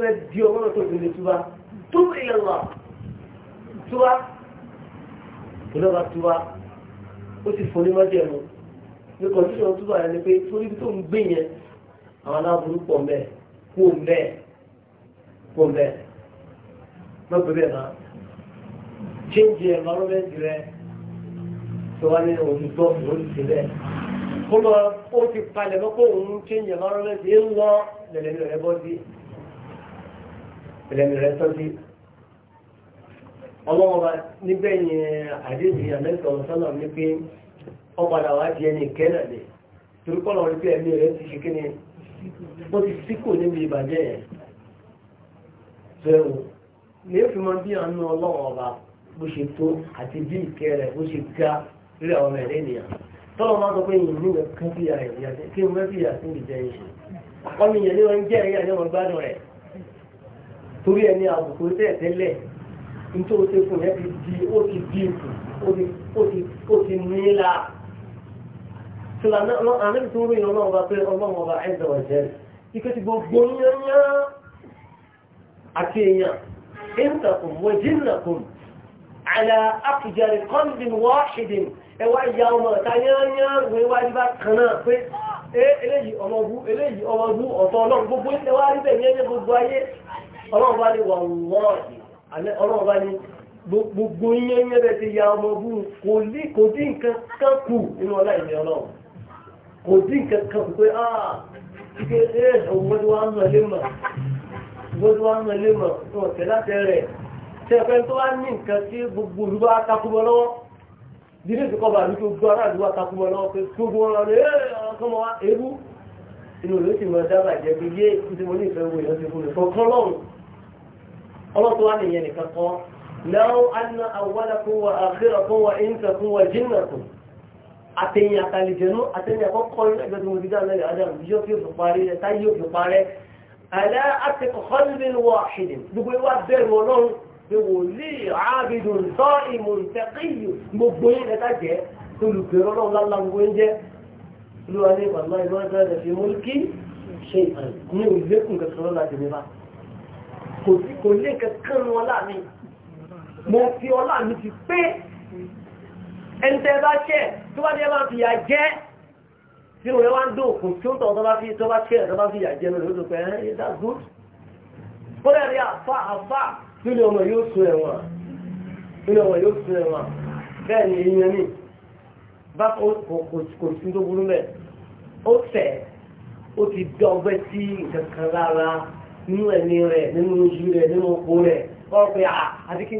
fẹ́ di ọgọ́rùn-ún tó fi lè túbá túbá ilẹ̀ wà túbá ìlọ́ba túbá ó ti fún ní mọ́jẹ̀ mu ní kọ́ndíṣọ̀n túbá yẹn ni pé torí tó ń gbé yẹn àwọn aláburú pọ̀ mbẹ́ kó mbẹ́ kó mbẹ́ lọ́pẹ́ bẹ́ẹ̀ náà ṣéǹjì ẹ̀nvárọ́mẹ́ntì rẹ tó wá ní òun gbọ́ òun ti bẹ́ẹ̀ kó lọ ó ti palẹ̀ mọ́ kó òun ṣéǹjì ẹ̀nvárọ́mẹ́ntì ń lọ lẹ̀lẹ́mì rẹ bọ́ sí lẹ̀lẹ́mì rẹ sọ́ sí ọlọ́wọ́ bá níbẹ̀ yẹn ọ̀sánà ní pé ọ̀padà wá di ẹni kẹ́nà lè torí pé ẹ̀mí rẹ̀ ti ṣe kí ó ti síkò níbi ìbàjẹ́ yẹn bẹ́ẹ̀ ó fi mọ bí àánú ọlọ́wọ́ bó ṣe tó àti bí ìkẹ́ rẹ̀ bó ṣe ga lórí àwọn ẹ̀rẹ́ ènìyàn tọ́lọ́ máa sọ pé yìí ní ìwé kan bí tẹ́lẹ̀ nítorí o ti fún yẹn ti di ó ti di ìkù ó ti ó ti ó ti nílà tìlà náà àníbi tó ń ròyìn ọlọ́run ọba pé ọlọ́run ọba ẹ̀dọ̀ ọ̀jẹ́ ike ti gbogbo yányá àti èèyàn ìntàkùn wọ̀jìnnàkùn àlà àfìjàre kọ́ndìn wọ́ọ̀ṣìdìn ẹwà ìyá ọmọ ọ̀tá yányá wíwá ìbá kan náà pé eléyìí ọmọ bú eléyìí ọmọ bú ọ̀tọ̀ ọlọ́run gbogbo ìtẹ̀wá rí bẹ̀ yányá gbogbo ayé ọlọ́run bá ní wà wọ́ọ̀yì ọlọ́run bá ní gbogbo iye iye bẹ́ẹ̀ ti ya ọmọ bú kò dín nǹkan kan kù nínú ọlá ìlẹ̀ ọlọ́run kò dín nǹkan kan kù pé ah ike ẹ ọgbọ́n tí wọ́n á mọ̀ lé mọ̀ ọgbọ́n tí wọ́n á mọ̀ lé mọ̀ wọn tẹ̀ láti rẹ̀ tẹ̀ fẹ́ tó wá ní nǹkan tí gbogbo olùbá takúbọ̀ lọ́wọ́ dídí ti kọba àdúgbò gbọ́ ará àdúgbò takúmọ̀ lọ́wọ́ pé gbogbo wọn lọ ẹ ọkọmọ wa ewu inú ló sì mọ dábàá jẹ pé ọlọ́tọ́ wá nìyẹn nìkan kọ́ lẹ́wọ́ anna awwalakum wa akhirakum wa insakum wa jinnakum àtẹ̀yìn àtàlìjẹ̀nú àtẹ̀yìn àkọ́kọ́ yìí ẹgbẹ́ tó mo ti dá lẹ́lẹ̀ adam yóò fi fi parí rẹ̀ táyé yóò fi parẹ́ alẹ́ àti kọ́lbin wọ àṣìlẹ̀ gbogbo ìwà bẹ̀rù ọlọ́run pé wòlíì ààbìdùn sọ ìmọ̀ ìtẹ́kìyù gbogbo yìí lẹ́ta jẹ́ olùgbèrè ọlọ́run lálàgbó ń jẹ́ olúwa ní ìpàdé ìlú ọjọ́ ẹ̀dẹ̀ fi mú kí ṣe ìpàdé ní òlékùn kẹsàn-án láti ní bá kò sí kò ní kankan ọlá mi mo fi ọlá mi ti pé ẹni tẹ́ bá ṣẹ́ tó bá jẹ́ bá fi yà jẹ́ tí wọ́n wá ń dò kò tí ó tọ̀ tó bá fi tó bá ṣẹ́ tó bá fi yà jẹ́ lórí ó tó pẹ́ ẹ́ ẹ́ that's good ni èèyàn ní bá kò kò sí tó burú mẹ́ ó tẹ̀ ó ti dọ́gbẹ́ sí nǹkan kan nínú ẹ̀mí rẹ̀ nínú ojú rẹ̀ nínú ọkọ rẹ̀ wọ́n pe àti kí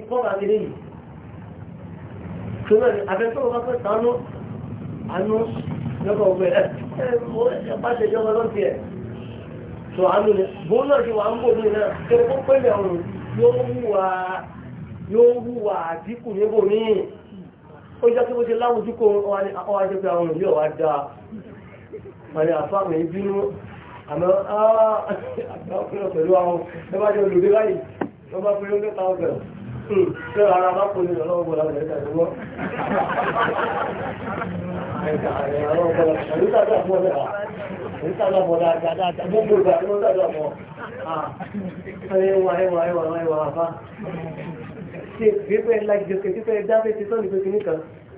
yìí. Ṣùgbọ́n àbẹ̀tọ́wọ́ bá fẹ́ sànú lọ́kọ̀ ọ̀gbẹ́ ẹ̀ ẹ̀ bá ṣe ìjọba ṣe wà kó pẹ́lẹ̀ ọ̀run yóò jẹ́ kí bó ṣe láwùjú kó ọwọ́ àjẹpẹ́ àwọn òbí ọ̀wá àmọ́ àgbà pẹ̀lú àwọn ẹgbàjẹ́ olùdé báyìí wọ́n bá fi lóńgbé ta ọgbẹ̀rún tí hmm, ó rárá bá kún ní ọlọ́wọ́ bọ́lá rẹ̀ ó jọ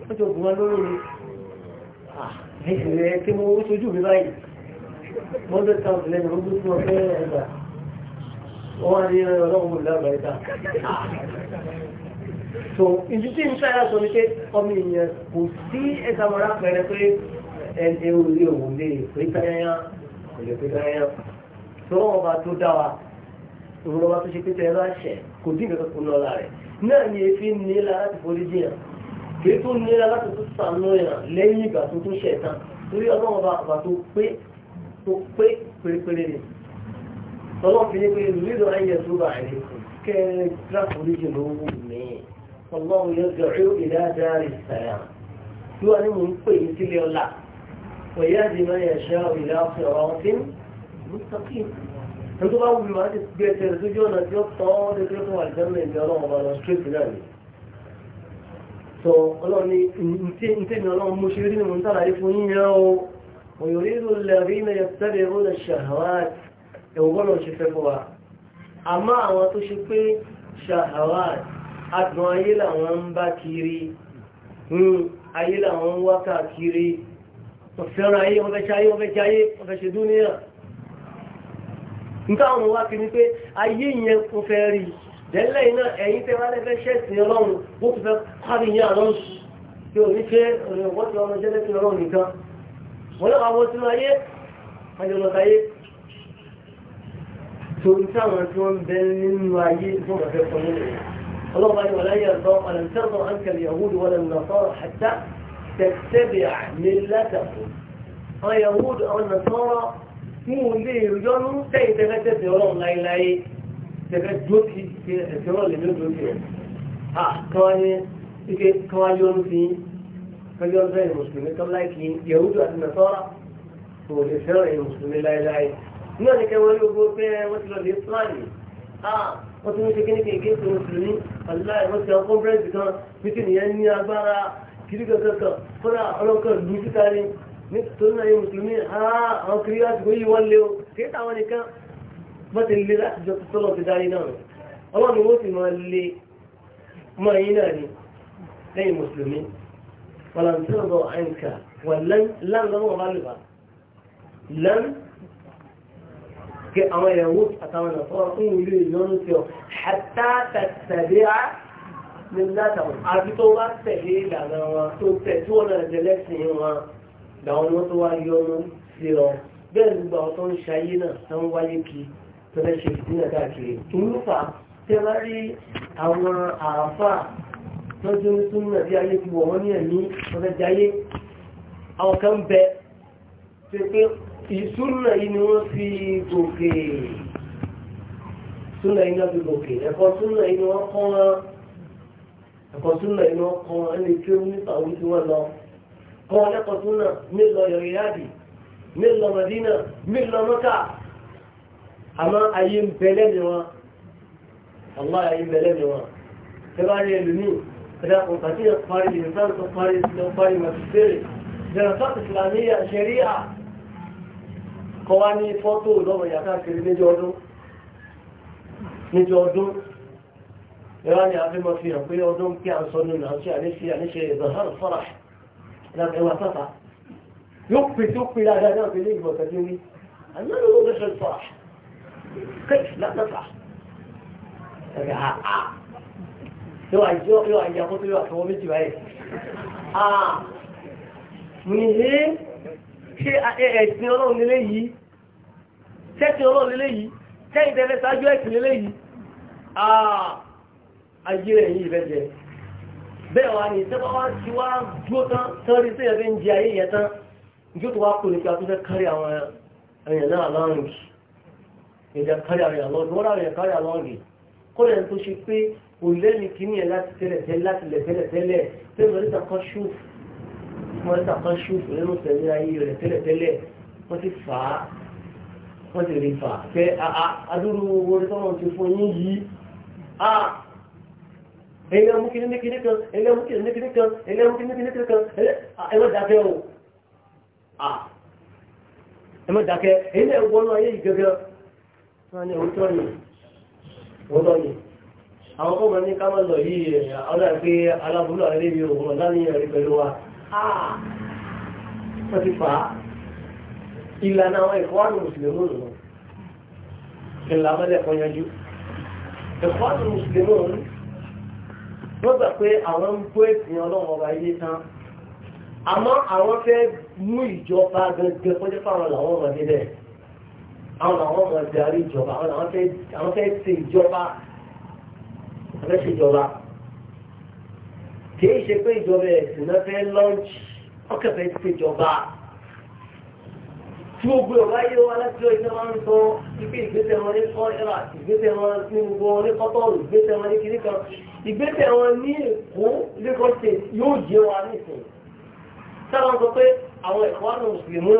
bùn wá lórí mi ẹ̀ẹ́dẹ̀ẹ́ kí mo rú sójú mi báyìí mọ́tò kan lè ní ojú tí wọ́n fẹ́ ẹ̀dà wọ́n wá ní ọlọ́run lábàá ẹ̀dà. so ìdí tí ń sáyà sọ ni pé ọmọ èèyàn kò sí ẹ̀ka mọ́ra pẹ̀rẹ pé ẹni orí òun lè pé táyáyá kò lè pé táyáyá sọ́wọ́n ọba tó dá wa òun lọ́ba tó ṣe pé tẹ́ ẹ bá ṣẹ̀ kò dín nǹkan kan lọ́la rẹ̀ náà ni èéfín nílá láti forí jìyàn kìí tó nílá láti tó sànú yàn lẹ́yìn ìgbà tó tó ṣẹ̀ tán torí ọlọ́run ọba àgbà tó pé tó pé pérépéré ni tọ́lọ́ fi ní pé lílo ayé tó bá rẹ̀ kẹ́ gíráàfù oríṣi ló wù mí ọlọ́run yóò gẹ̀rẹ́ ìdá dárí sàyà tí wọ́n ní mò ń pè ní sílé ọ̀la òye àti máa yẹ ṣe ìlà ọ̀sẹ̀ ọ̀rọ̀ tí ń sọ́kì ní tó bá wù mí wá ti gbé ẹsẹ̀ rẹ̀ sójú ọ̀nà tí ní ntẹ́ni ọlọ́run ṣe rí ni mo ń tàlàyé fún yíyan o. ويريد الذين يتبعون الشهوات يقولون شفوا أما وتشفي شهوات أدنى إلى أن بكيري ayé làwọn wá káàkiri ọ̀fẹ́ràn ayé wọ́n fẹ́ ṣe ayé wọ́n fẹ́ ṣe ayé wọ́n fẹ́ ṣe dúníyà nǹkan àwọn wá kí ni pé ayé yẹn kò fẹ́ rí tẹ́lẹ̀ iná ẹ̀yìn tẹ́ wá lẹ́fẹ́ ṣẹ̀sìn ọlọ́run ó ti fẹ́ kárí yẹn àlọ́ yóò ní ṣe ọ̀rẹ́ wọ́n ti ọmọ jẹ́lẹ́sìn ọlọ́run nìkan wọ́n lọ́wọ́ àwọn sínú ayé wájú lọ́ta ayé tó ń táwọn tí wọ́n bẹ nínú ayé tó wọ́n fẹ́ sọ nínú rẹ̀ ọlọ́wọ́ ayé wọ́n láyé ọ̀dọ́ ọ̀lẹ́ntẹ́rọ̀ àǹkàlì yahudu wọ́n lẹ́nu lọ́sọ́rọ̀ àtà tẹ̀tẹ̀bẹ̀ àmìlátàkù àwọn yahudu àwọn nasọ́rọ̀ fún ilé ìrìyọ́nù tẹ̀yìn tẹ́fẹ́tẹ́fẹ́ ọlọ́run láéláé tẹ́fẹ́ ọlọ́run lè ní fẹ́lẹ́ ọ̀sẹ̀ ìyẹn mùsùlùmí tó láìkì yahudu àti nàṣọ́ra kò lè fẹ́ràn ìyẹn mùsùlùmí láéláé ní ọ̀nà kẹwọn ní gbogbo pé wọ́n ti lọ lè fúlàní wọ́n ti ń ṣe kíní kéèké tó mùsùlùmí aláì wọ́n ti àwọn kọ́ńfẹ́rẹ́nsì kan títí nìyẹn ní agbára kiri kankan fúnra ọlọ́kan lù síta ni nítorí náà ìyẹn mùsùlùmí àwọn kiri láti kó yí wọ́n lé o kéé táwọn nìkan wọ́n ti lé láti jọ tó ni lẹ́yìn mùsùlùmí ولن ترضى عنك ولن لن لن غالبا لن كأما يموت أتمنى صورة أولي يونسيو حتى تتبع ملتهم عرفتوا ما تهيل أنا تتتون جلسهم لهم وطوى يونسيو bẹ́ẹ̀ gbogbo àwọn tó ń ṣayé náà tó ń wáyé kí tó fẹ́ ṣe ìdínà káàkiri tó ń fà tẹ́wárí àwọn àáfàá tó ti ń sún náà bí ayé ti wọ̀ wọ́n ní ẹ̀mí ọ̀fẹ́ jayé àwọn kan bẹ ṣe pé ìsúnà yìí ni wọ́n fi gòkè súnà yìí náà fi gòkè ẹ̀kọ́ súnà yìí ni wọ́n kọ́ wọn ẹ̀kọ́ súnà yìí ni wọ́n kọ́ wọn ẹni tí ó ní ìtàwọn tí wọ́n lọ kọ́ wọn lẹ́kọ̀ọ́ súnà mélòó yọ̀rọ̀ yáàdì mélòó Mádínà mélòó Mẹ́kà àmọ́ ayé ń bẹ lẹ́nu wọn àmọ́ ayé ń bẹ lẹ́nu wọn tẹ́lá yẹ lónìí. فلا قطعية تقاري الإنسان تقاري تقاري مفسر دراسات إسلامية شريعة قوانين فوتو لو يكاكر نجودو نجودو يعني عارفين ما فيها في يوم كي عن صنون عن شيء يعني شيء يعني شيء ظهر الفرح لكن وسطها يكفي تكفي لا لا لا في ليك وتجيني أنا لا نغش الفرح كيف لا نفرح yóò àjọ yóò àjọ àkótó yóò àfọwọ́ méjì báyìí. mi ṣe ṣe ẹ̀sìn ọlọ́run lélẹ́ yìí ṣẹ́sìn ọlọ́run lélẹ́ yìí ṣẹ́yìn tẹ́lẹ̀ ṣáájú ẹ̀sìn lélẹ́ yìí. ayé rẹ̀ yìí rẹ̀ jẹ bẹ́ẹ̀ wá ní sẹ́pà wá ti wá dúró tán sọ́ọ́rí sí ẹ̀fẹ́ ń jẹ ayé yẹn tán níjó tó wá kó ní kí a kárí àwọn náà lọ́rùn kárí àwọn lọ́rùn kó lẹ́yìn tó ṣe pé kò lẹ́nu kíní ẹ̀ láti tẹ́lẹ̀ tẹ́lẹ̀ láti lẹ̀ tẹ́lẹ̀ tẹ́lẹ̀ tẹ́lẹ̀ mọ̀lẹ́ta kan ṣùf mọ̀lẹ́ta kan ṣùf lẹ́nu tẹ̀lé ayé rẹ̀ tẹ́lẹ̀ tẹ́lẹ̀ wọ́n ti fà á wọ́n ti rí fà á pé adúrú owó tí wọ́n ti fún yín yìí a ẹ̀yẹ́ mú kíní kíní kan ẹ̀yẹ́ mú kíní kíní kan ẹ̀yẹ́ mú kíní kíní kan ẹ̀yẹ́ dákẹ́ o a ẹ̀mọ́ dákẹ́ ẹ̀yẹ́ wọ́n ayé yìí gẹ́gẹ́ wọ́n ní òótọ́ ni òótọ́ ni àwọn kọ́mọ̀ ní ká mọ́lọ̀ yìí ah. wọ́n gbà pé àwọn ń bó ìsìn ọlọ́run ọba ilé tán àmọ́ àwọn fẹ́ mú ìjọba gẹ́gẹ́ kọjá fáwọn làwọn ọmọdé bẹ́ẹ̀ àwọn làwọn ọmọdé darí ìjọba àwọn fẹ́ ṣe ìjọba fẹ́ ṣèjọba kìí ṣe pé ìjọba ẹ̀sìn náà fẹ́ lọ́ọ̀jì ọkẹ̀fẹ́ ṣèjọba tí ó gbé ọ̀gá yé wa láti ọjọ́ máa ń sọ ibi ìgbésẹ̀ wọn ní kọ́ńtà ìgbésẹ̀ wọn ní gbogbo ní kọ́tọ́ọ̀lù ìgbésẹ̀ wọn ní kiri kan ìgbésẹ̀ wọn ní èkó lẹ́kọ̀ọ́ state yóò jẹ́ wa nísìn sábà sọ pé àwọn ẹ̀kọ́ àrùn mùsùlùmí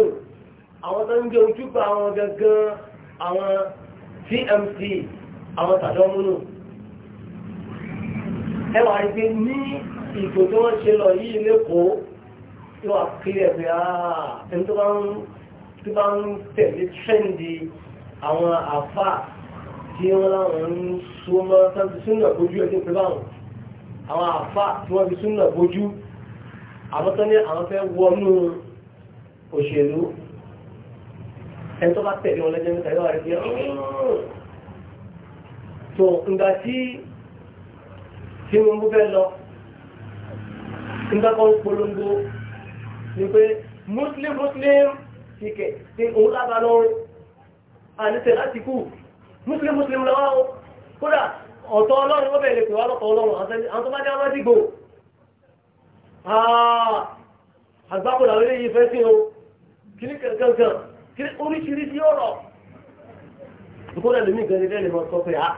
àwọn tó ń jẹ ojúgbà àwọn gangan àwọn tmc àwọn tàdọ́múnù ẹwà ìgbé ní ìgbò tí wọ́n ṣe lọ yìí lẹ́kọ̀ọ́ tí wọ́n kiri ẹ̀fẹ́ ah, ẹni tó bá ń tẹ̀lé tẹ́ǹdì àwọn àfà tí wọ́n láwọn ń so mọ́ sáńtì bójú ẹ̀sìn pé àwọn àfà tí wọ́n fi súnà bójú àwọn àwọn fẹ́ wọnú òṣèlú ẹni tó bá tẹ̀lé wọn lẹ́jọ́ níta yóò wá rí pé tó hmm. ǹgbà Tinubu fẹ́ lọ nǹkan kan polongo ni pé muslim muslim tìkẹ̀ tí òun lábàá lọ́wọ́ àníṣẹ́ láti kú muslim muslim lọ́wọ́ o kódà ọ̀tọ̀ ọlọ́run wọ́n bẹ̀rẹ̀ pé wà lọ́tọ̀ ọlọ́run àwọn tó bá dé àwọn dìgbò àgbákò làwọn eléyìí fẹ́ sí o kiri kankan kiri oríṣiríṣi ọ̀rọ̀ kódà lómi gan-an ní bẹ́ẹ̀ ni sọ pé àà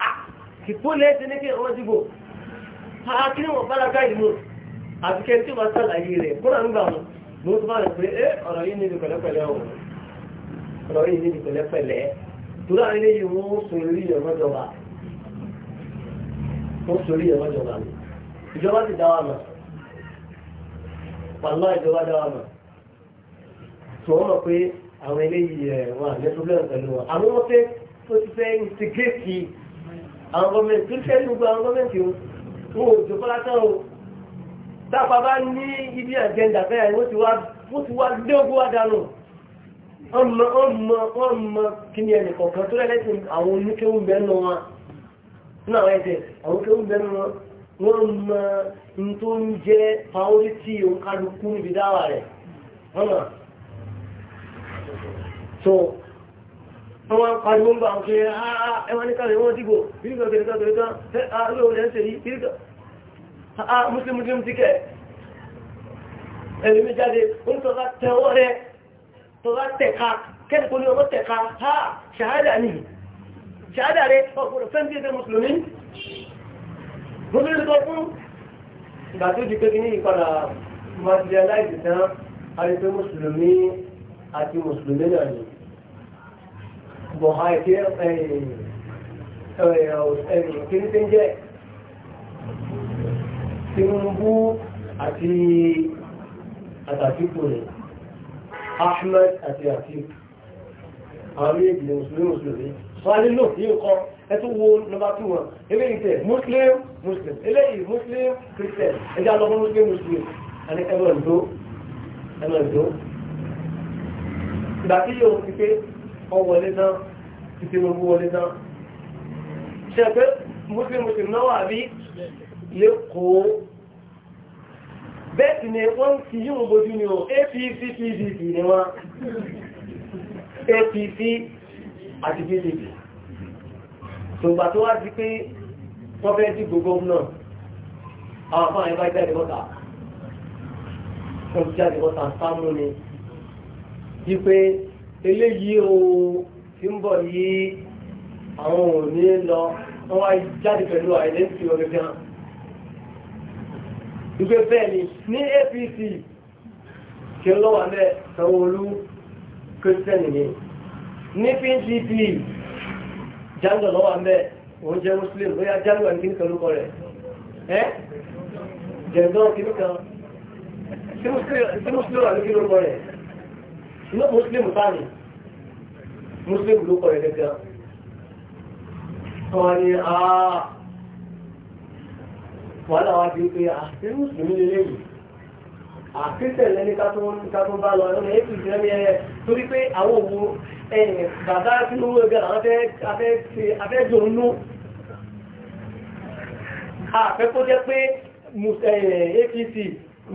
kìpó ní kí wọ́n dìgbò ààkiri wọn bálágá ìlú àfikẹ́ tí wọ́n sàlàyé rẹ̀ kúrò ń gbà wọn ló tó bá rẹ̀ pé ẹ́ ọ̀rọ̀ yìí níbi pẹ̀lẹ́pẹ̀lẹ́ ọ̀rọ̀ ọ̀rọ̀ yìí níbi pẹ̀lẹ́pẹ̀lẹ́ torí àwọn ilé yìí wọ́n sọ orí ìyọ̀mọ́jọba wọ́n sọ orí ìyọ̀mọ́jọba ni ìjọba ti dá wa mọ̀ pàlọ́ ìjọba dá wa mọ̀ tó wọ́n mọ̀ pé àwọn ilé yìí wà ní problem pẹ̀lú wọn àwọn wọ́n tó ti fẹ́ instigate àwọn gọ́ọ̀mẹ̀ntì tó ti fẹ́ gbogbo àwọn gọ́ọ̀mẹ̀ntì wọn ò jòkó látàn o tápá bá ní ibi àjẹndà bẹ́ẹ̀ wọ́n ti wá wọ́n ti wá lé ogún àdánù ọmọ ọmọ ọmọ kíni ẹnì kọ̀ọ̀kan tó lẹ́lẹ́sìn àwọn oníkéwù bẹ́ẹ̀ nù wọn náà wọ́n ẹ̀sẹ̀ àwọn oníkéwù bẹ́ẹ̀ nù wọn wọ́n mọ n tó ń jẹ́ fáwọ́rítì òǹkàdùkú níbi dáwà rẹ̀ wọ́n mọ̀ so wọ́n pariwo ń bá àwọn kiri ẹwà ní kàwé wọ́n dìbò bí nìkan kiri kan kiri kan fẹ́ àlọ́ òun ẹ̀ ń ṣe yìí kiri kan ah muslim muslim ti kẹ́ ẹ̀lùmí jáde ń tọ́lá tẹ̀wọ́ rẹ̀ tọ́lá tẹ̀ka kẹ́nìkó ní ọmọ ha ṣàhádà ní ṣàhádà rẹ̀ ọ̀pọ̀lọ̀ fẹ́ ní ẹgbẹ́ mùsùlùmí mùsùlùmí sọ fún ìgbà tó di pé kí ní ìpadà materialize tán a rí pé mùsùlùmí àti mùsùlùmí náà ni bọ̀ ha ẹ̀kí ẹ̀yìn ẹ̀yìn kí ní tẹ́ ń jẹ́ Tinubu àti àtàkìkù rẹ̀ Ahmed àti àtìkù àwọn èdè mùsùlùmí mùsùlùmí sọ́lé lò sí ọkọ̀ ẹtù wo nọba tí wọn eléyìí tẹ muslim muslim eléyìí muslim christian ẹjẹ alọ́gbọ́n muslim muslim àti ẹmọ ìdó ẹmọ ìdó ìgbà tí yóò fi pé ọ wọlé náà títí mo wọlé náà ṣe pé muslim muslim náà wà bí lẹ́kọ̀ọ́ bẹ́ẹ̀ sì ni wọ́n ti yíò bojú ni o apc pdp ni wọ́n apc àti pdp tògbà tó wá di pé wọ́n fẹ́ dí gbogbo náà àwọn afọ́ àyíká jáde bọ́ta wọ́n jáde bọ́ta sámú ni wípé eléyìí o ti ń bọ̀ yìí àwọn ò ní lọ wọ́n wá jáde pẹ̀lú àìlẹ́sì orí gan-an ìgbé bẹ́ẹ̀ ni ní APC kí ń lọ́wọ́ abẹ́ Sanwó-Olú kírísítẹ́nì ni ní PDP Jandor lọ́wọ́ abẹ́ òun jẹ́ muslim ó yá Jandor ní kíníkan lókọ rẹ̀ ẹ́ jẹ̀dọ́ kíníkan sí muslim wà ní kíní lókọ rẹ̀ inú muslim báyìí muslim lókọ rẹ̀ gẹ́gẹ́ wọ́n ni aaa wàhálà wá di pé àti ah, mùsùlùmí lélẹ̀ yìí àkíntẹ̀lẹ́ ah, ní kátó bá lọ ẹ̀rọ èyí tìí lẹ́ni ẹ̀yẹ torí pé àwọn òwò ẹ̀yìn bàbá tí ó wọ́gẹ̀ àwọn afẹ́jọ ń lú àfẹ́kọ́ jẹ́ pé APC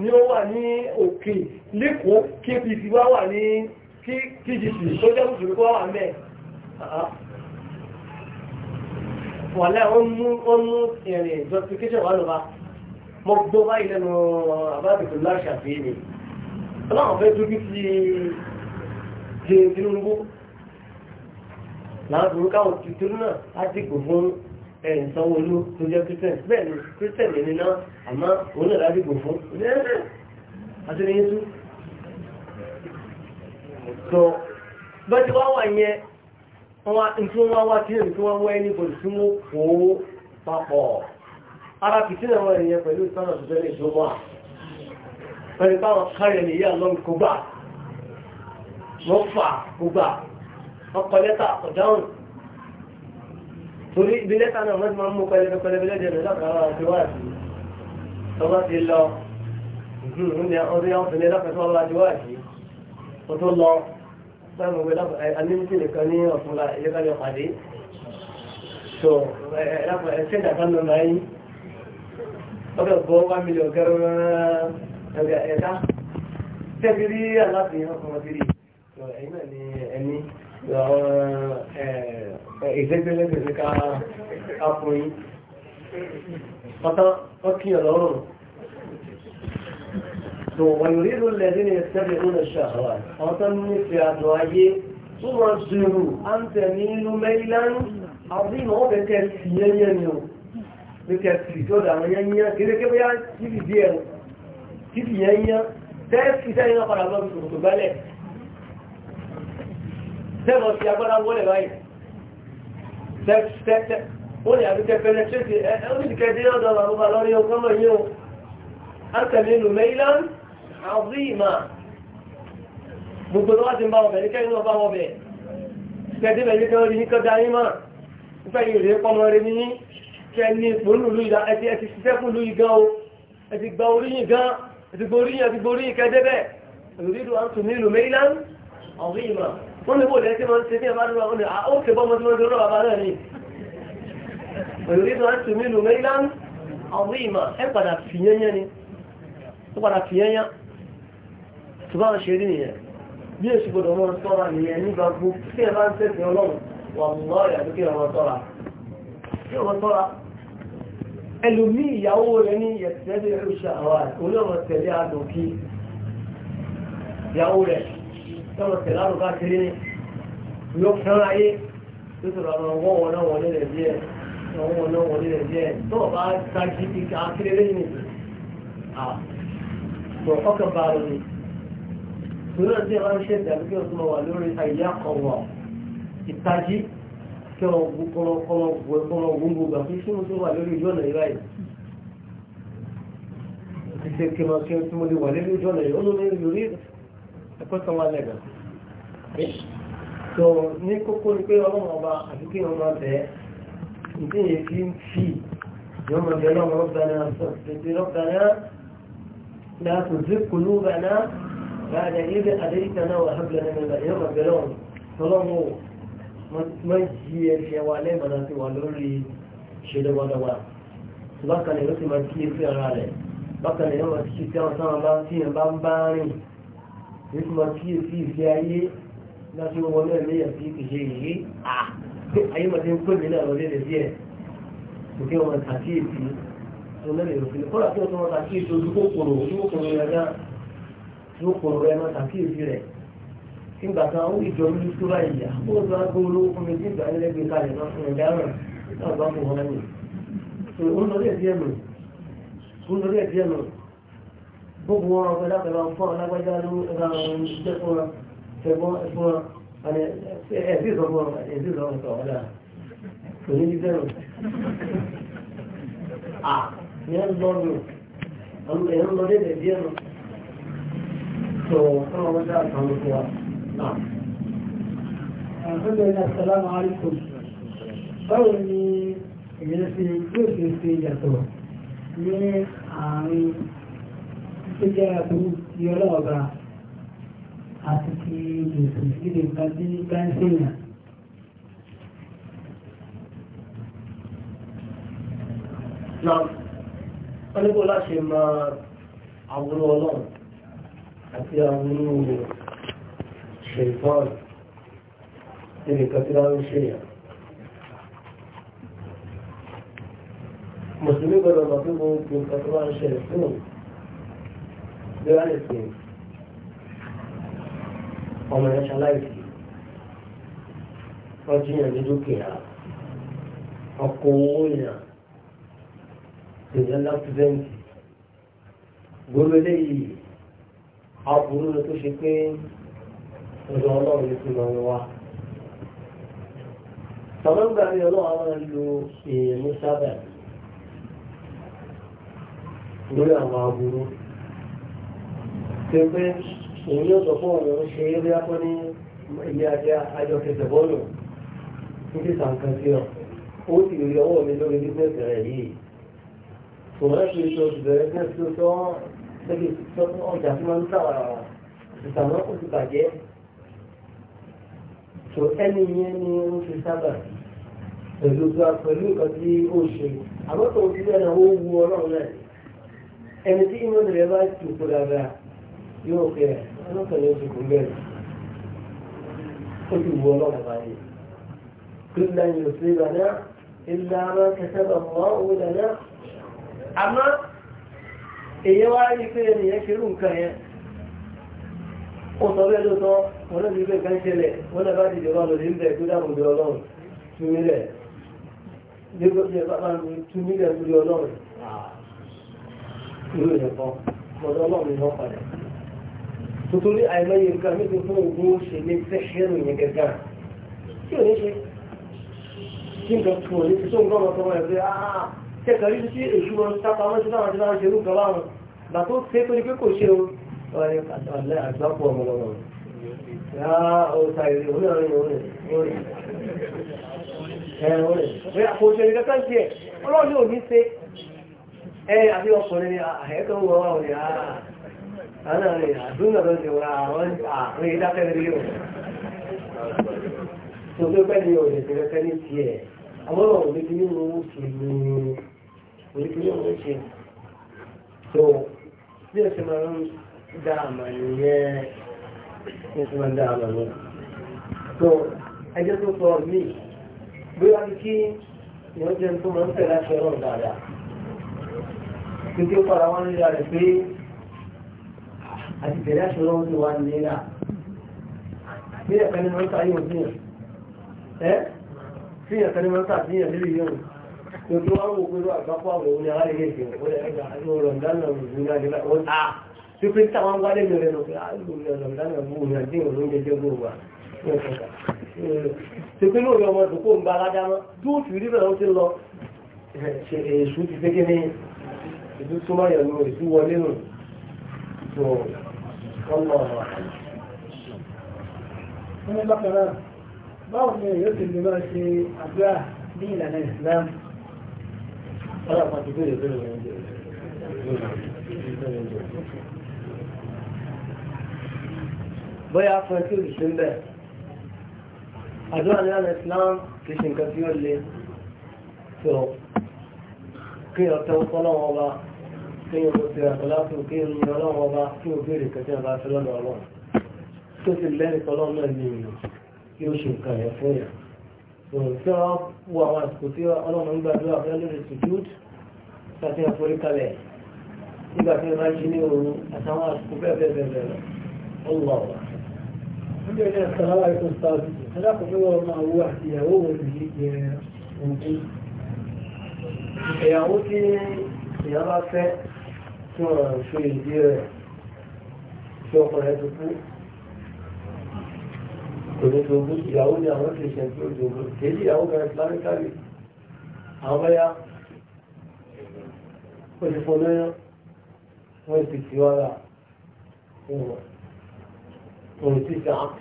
ni ó wà ní òkè lẹ́kọ̀ọ́ KPC wá wà ní KGC tó jẹ́ mùsùlùmí kó wà mẹ́ wàlẹ́ ó mú ó mú ìrìn justification wà lọ́ba mo gbọ́ báyìí lẹ́nu àbábẹ̀tò láṣà fi ni ọlọ́run fẹ́ dúdú sí jẹ́ Tinubu láàbù káwọn tuntun náà á ti kò fún ẹ̀yìn Sanwó-Olú tó jẹ́ Christian bẹ́ẹ̀ ni Christian lè ní náà àmọ́ òun náà láti kò fún àti ní yín tú. bẹ́ẹ̀ ti wá wà yẹn wọ́n tí wọ́n wá tí èrì tí wọ́n wẹ́ ní bòrì tí wọ́n fò ó papọ̀ ara kìtì náà wọ́n ènìyàn pẹ̀lú ìtọ́nà tó tẹ́lẹ̀ ìjọba pẹ̀lú báwọn kárí ẹnìyà lọ́n kógbà wọ́n fà kógbà wọ́n kọ lẹ́tà ọ̀dáhùn torí ibi lẹ́tà náà wọ́n ti máa ń mú pẹlẹbẹ pẹlẹbẹ lẹ́dẹ̀ rẹ̀ lákàrà àti wá sí tọ́lá ti lọ ọdún yà ọdún yà ọ̀fẹ́lẹ́ sáàmù pẹ̀lú anímtì nìkan ní ọ̀fúnla ìyẹ́kálẹ̀ pàdé tó ẹ̀ṣẹ́ ìdàkan lọ náà yìí ọ̀dọ̀ bọ́ wá mílíọ̀n kẹrọ ẹ̀dá tẹ́bírí aláàfihàn ọmọdérì tó ẹ̀yìn náà ni ẹni ìdẹ́gbẹ́lẹ́gbẹ̀ẹ́ ká fún yín pátá ọkì ọ̀lọ́rùn so ويريد الذين يتبعون الشهوات أتمني في أدوائي ثم سيروا أن تميلوا ميلا عظيما وبكثير يميل بكثير جدا ويميل كده كده يعني كيف يدير كيف يميل tẹ́ẹ̀kì sẹ́yìn náà padà lọ́rùn tòkòtò gbálẹ̀ tẹ́ẹ̀mọ̀ sí agbára wọlé báyìí tẹ́ẹ̀kì ó ní àbíkẹ́ pẹ̀lẹ́tẹ́ẹ̀kì ẹ̀ ẹ́ ó ní ìkẹ́ àwọn ìmọ̀ gbogbo tó wá ti ń bá wọn bẹ̀ ní kẹ́rin náà bá wọn bẹ̀ kẹ́dé bẹ̀ ní kẹ́rin rí ní kọ́dá yín mọ̀ nípa yìí rèé pọmọ rẹ ní kẹ́ ní ipò nínú ìlú ìdá ẹ ti ẹ ti ṣiṣẹ́ fún ìlú yìí gan o ẹ ti gba oríyìn gan ẹ ti gboríyìn ẹ ti gboríyìn kẹ́dé bẹ̀ òrìdù àtún nílùú mẹ́ríland ọ̀rí ìmọ̀ wọ́n ní bòlẹ̀ tí wọ́n ṣe ní ṣe bọ́ ni òrìdù àtún nílùú ẹ padà fìyẹ́yẹ́ ni ó tó bá ṣe rí nìyẹn bí èsì gbọdọ̀ mọ́ sọ́ra nìyẹn nígbà gbogbo tí ẹ bá ń tẹ̀sìn ọlọ́run wà mọ́ àwọn ọwọ́ wọn náà wọlé rẹ̀ díẹ̀ ọwọ́ wọn náà wọlé rẹ̀ díẹ̀ tọ́ọ̀ bá tají kíkà kiri lẹ́yìn ọkàn bá rẹ̀ nìyí torí ọdún ẹ̀rọ ṣe ìdàbí kí ọdún wà lórí àyà ọ̀wọ̀ ìtají kí ọmọ gbogbo gbà fún ṣé mo tún wà lórí ìjọ ọ̀nà ìráyè ti ṣe kí mo kí mo lè wà lórí ìjọ ọ̀nà ìráyè ó lórí lórí ẹ̀kọ́ tán wà lẹ́gà tó ní kókó ni pé ọlọ́run ọba àti kí ọmọ bẹ̀ ẹ́ ìdí yẹn fi ń fi يوم القيامة ربنا ربنا لا تزغ قلوبنا بعد أن يبقى أدريتنا وأحب لنا من الأيام الجلون طالما ما يجي في وعليه مناسي وعلوري شده ودواء bákan ni ó sì máa kíyè sí ara rẹ̀ bákan ni ó máa kíyè sí àwọn táwọn bá tí yẹn bá ń bá rìn ó sì máa kíyè sí ìfẹ́ ayé láti wọ́n náà léyàn sí ìṣe yìí à pé ayé yóò kọ̀ ọ̀rọ̀ ẹ máa ṣàkíyèsí rẹ̀ nígbà kan ó ìjọ mi tó báyìí àbúrò tó agbó olówó fún mi nígbà nílẹ̀ gbé kalẹ̀ náà fún ẹ̀dá rẹ̀ náà bá fún wọn ní. tó ń lọ lẹ́ẹ̀dí ẹ̀mù ń lọ lẹ́ẹ̀dí ẹ̀mù gbogbo wọn ọ̀pẹ lápẹ̀lá fún àwọn alágbájá ló ra ohun jẹ́ fún wọn fẹ̀gbọ́n fún wọn ẹ̀sì sọ fún wọn ẹ̀sì sọ fún wọn ọ̀dà kò ní dídẹ́ nù Báwo ni ìrẹsì yóò ṣe ṣe yàtọ̀ ní àárín tó jẹ́ àbúrú ti ọlọ́ọ̀bá àti ti ìgbèsè nílé nǹkan tí bá ń ṣèyàn? Náà, wọ́n ní kó láṣe máa àwòrán ọlọ́run àti àwọn onírúurú ṣèǹtọ́ọ̀lù níbi kan tí wọ́n ń mùsùlùmí gbọdọ̀ mọ̀ pé gbogbo nǹkan tó wá ṣẹlẹ̀ fún bí wọ́n lè pè ọmọ yẹn ṣaláìsí wọ́n jíyàn ní dúkìá ọkọ̀ owó yàn èèyàn lápúdẹ́ǹtì gbogbo eléyìí aburú ni tó ṣe pé ọ̀dọ̀ ọlọ́run ní fún ọmọ wa. Tọ́lọ́ ń gbàgbé ọlọ́run àwọn ìlú èèyàn ní sábà lórí àwọn aburú. Ṣé pé òun yóò sọ fún ọ̀nà ṣe é bí akọ́ ní ilé ajá ajọ kẹsẹ̀ bọ́ọ̀lù ní ti sàǹkan sí ọ. Ó sì rí ọwọ́ mi lórí bísíǹsì rẹ̀ yìí. Tòun ṣe oṣù bẹ̀rẹ̀ bísíǹsì tó sọ pẹ̀lú ọjà tí wọ́n ń tà wàrà wà ìtàwọn kò ti ni ó fi sábà pẹ̀lú gba pẹ̀lú nǹkan tí ó ṣe àmọ́ tó ti bẹ́ẹ̀ náà ó wu ọlọ́run náà ẹni tí inú rẹ̀ bá ti kó dáadáa yóò fẹ́ ọlọ́kàn yóò ti kó bẹ́ẹ̀ ó ti wu ọlọ́run báyìí kí èyẹ wá rí pé ènìyàn ṣe rú nǹkan yẹn ó sọ bẹ́ẹ̀ ló sọ wọn náà ti gbé nǹkan ṣẹlẹ̀ wọn náà bá ti jọba lòdì ń bẹ̀ tó dáàbò bí ọlọ́run túmílẹ̀ lébó ti ẹ̀bá máa ń túmílẹ̀ lórí ọlọ́run ìlú ìyẹ̀kọ́ lọ́dọ̀ ọlọ́run ni wọ́n padà tuntun ní àìmọye nǹkan níbi fún ògùn ó ṣe ní fẹ́ṣẹ́rù yẹn gẹ́gẹ́ tí ò ní ṣe kí nǹkan tún ò ní ṣe tó nǹkan ọmọ tẹ́ kàrí sí sí èṣù wọn sápamọ́ sí láwọn àjọyọ̀ ṣerú kan láwọn gbà tó ṣe tó ní pé kò ṣe o àgbápọ̀ ọmọ lọ́wọ́ ya ọ̀sà ìrìn òun náà rìn òun rìn ẹ̀rùn rẹ̀ pé àkóṣe ní kankan sí ẹ̀ ọlọ́run yóò ní ṣe ẹ àbí ni àhẹ́kọ̀ wọ́n wà ní àná rẹ̀ àdúgbò tó ti wọ́n àwọn àárín ìdákẹ́ rí o tó ni òun ìṣẹ̀lẹ̀ fẹ́ ní tiẹ̀ àwọn ọ̀rọ̀ oríkìlì ẹjẹ́ tó sọ mí bí wọ́n ti kí ìwọ́n jẹun tó máa ń tẹ̀lé aṣọ ọ̀rọ̀ dáadáa títí ó padà wọ́n nílá rẹ̀ pé àti tẹ̀lé aṣọ ọ̀rọ̀ ti wà nílá bí ẹ̀ka ni máa ń ta yóò fihàn ẹ́ fihàn ẹ̀ka ni máa ń ta fihàn lórí yóò tó wá wò pẹ̀lú àgbápọ̀ àwọn òun ni ara lè jẹ́ òun ẹ̀ka àti ọ̀rọ̀ǹdánà òjòjúmọ́ àdìbà wọ́n ta ah, tí pé táwọn wálé mi rẹ̀ pé àlù ọ̀rọ̀ǹdánà òun ni àdéhùn olóúnjẹ jẹ́ gbogbo wa ní ọ̀sọ̀kà tí pé lóòrè ọmọ tó kó ń ba aládámọ́ tó fi rí bẹ̀rẹ̀ ó ti lọ èṣù ti fẹ́kẹ́ ní ìlú súnmọ́ yẹn lọ èṣù wọlé nù tó ọmọ ọ̀rọ̀ wọ́n ní báwo ni èyí ó ti lè máa ṣe àdúrà ní ìlànà ìsìlámù ọlọ́pàá ti bẹ̀rẹ̀ bẹ̀rẹ̀ wọn jẹ́ bóyá fún ẹ tí ò sí ń bẹ̀ àdúrà ní ọ̀nà Islam kì í ṣe nǹkan tí ó le tó kí ọ̀tọ̀ ń kọ́ lọ́wọ́ ọba kí n kò tẹ̀rẹ̀ pẹ̀lú àti òkè ń yan ọba kí n bèèrè kẹtẹ́ ọba fẹ́ lọ́dọ̀ ọlọ́run tó ti lẹ́rìí kọ́ náà ní ìlú kí ó ṣe nǹkan yẹn fún yẹn tí wọ́n wo àwọn àsìkò tí ọlọ́run gbàdúrà fẹ́ lórí sùjúd tàbí àforí kalẹ̀ nígbà tí wọ́n bá jí ní òru àtàwọn àsìkò bẹ́ẹ̀ bẹ́ẹ̀ bẹ́ẹ̀ lọ ọlọ́ wa. wọ́n bẹ̀rẹ̀ ní àsàlámà ètò sáàbì alákòókò wọn máa wo àtìyàwó wọn yìí jẹ ògùn. ìyàwó tí ìyá bá fẹ́ tí wọ́n onídogún ìyàwó ni àwọn kìrìsìtẹ̀ tó dogún kéjì ìyàwó gan islamically àwọn bẹ́yà ó ti fún lóyún wọ́n ti fi wára òun ti fi hàn.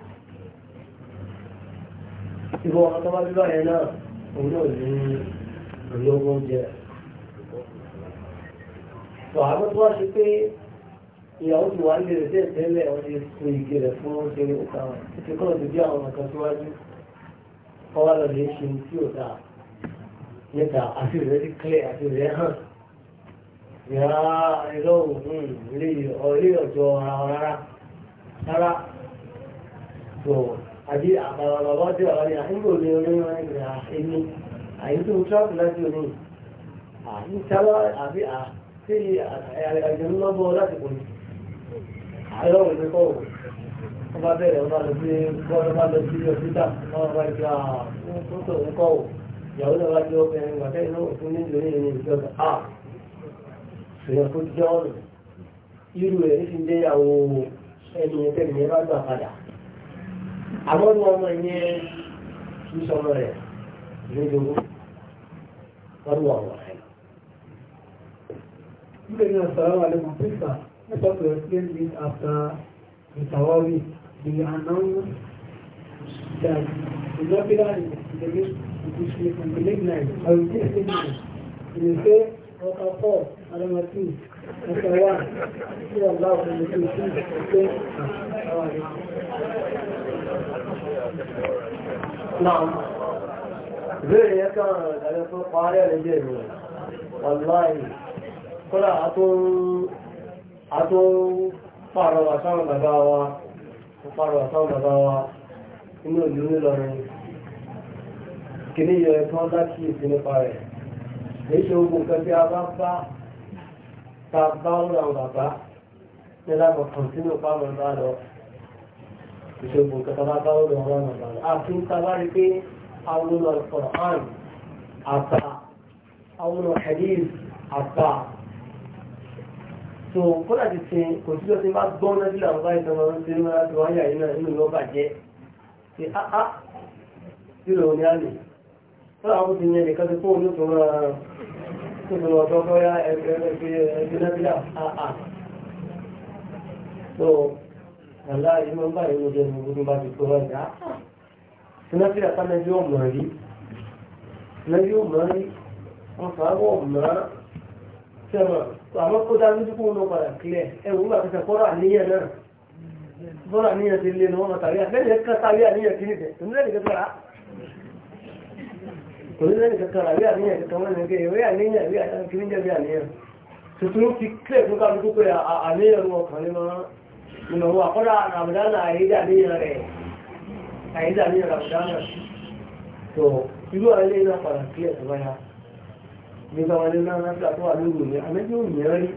ìbò ìyàwó ti wà nílé rẹ̀ tẹ́lẹ̀ wọ́n ti so rẹ̀ fún oúnjẹ òkà wọn títí kọ́ ti bí àwọn nǹkan síwájú ọwọ́ lọ lè ṣe tí ò níta àti rẹ̀ ti clear àti rẹ̀ hàn ìyá ẹ̀rọ lè ọ̀rẹ́ ọ̀jọ́ ara rárá rárá tó àbí àbàbàbà tí wà ní àyíkò lè rí wọn ní ìrìn àyíkò tó láti òní àyíkò àbí àti àjẹmọ́ àìrọ̀ òwe kọ́ wọ́n bá bẹ̀rẹ̀ wọ́n bá lọ sí bọ́ọ̀lù bá lọ sí ọ̀sítà wọ́n bá jẹ́ àkókò òun kọ́ ò ìyàwó náà jẹ́ obìnrin wàtẹ́ inú òfin nílò ní ìrìn ìjọba a ah, ṣèyàn tó jẹ́ ọ̀nà irú rẹ̀ ní ti ń déyàwó ẹni ẹgbẹ́ni yẹn bá gbà padà àmọ́ ọmọ yẹn kì í sọmọ rẹ̀ lójoojú wọ́n wà wọ̀ ẹ̀. Let us explain this after the Tawawi. They announced that the Nabila is the least which we can believe now. I will say it now. They will say, Raka 4, Adama 2, Raka 1, Say Allah from the 2, 3, say, Tawawi. Now, Bẹ́ẹ̀ni ẹ kàn lẹ́yìn tó parí ẹ̀lẹ́jẹ̀ ìròyìn, wàláì, kọ́lá àtún àtún pàrọwà sáwọn bàbá wa pàrọwà sáwọn bàbá wa inú ìlú nílọrin kìíní yọ ẹ̀kan láti ìsìn rẹ̀ èyí ṣe ogun kan tí a bá bá ta bá ń ra bàbá ní lábọ̀ kan sínú pàmò bá lọ ìṣògùn kan bá bá ń ra bàbá lọ àfi ń ta pé àwọn olùkọ́ àrùn àbá àwọn olùkọ́ àdìs so kódà ti sin kò sí ọtí bá gbọ́n náà sílẹ̀ àwọn báyìí tọmọ tí ní máa ti wá yà inú ló bàjẹ́ ah, ah, ti áá sí lòun ní àlè kódà àwọn ti yẹn nìkan ti fún òun tó máa tó tó lọ gbọ́gbọ́ yá ẹgbẹ́ ẹgbẹ́ ẹgbẹ́ nábìlà áá so àlá yìí máa ń bá ìlú jẹ gbogbo bá ti tó wá ìdá sinapira sanadi ọmọ rí sinadi ọmọ rí wọn sẹ́wọ̀n àmọ́ kó dájú tó kún un lọ padà kílẹ̀ ẹ̀wọ̀n gbà pẹ̀sẹ̀ kọ́rọ̀ àníyàn náà bọ́rọ̀ àníyàn ti lé ní wọ́n tàbí àlẹ́yìn kan tàbí àníyàn kiri tẹ̀ onílẹ̀ kẹkẹrà onílẹ̀ kẹkẹrà bí àníyàn kẹkẹrà wọn nìkẹ́ ìwé àníyàn bí àníyàn kiri jẹ́ bí àníyàn tuntun ti kílẹ̀ fún káàdùkú pé àníyàn wọn kàn nínú nínú wọn àkọ́dà ramadan àyídà àníyàn rẹ̀ àyídà àníyàn ramadan tó irú àlẹ́yìn náà padà kílẹ̀ tó báyà nígbà wọn nínú anáfíà tó wà lóru ní àmẹ́jì ò yẹn rí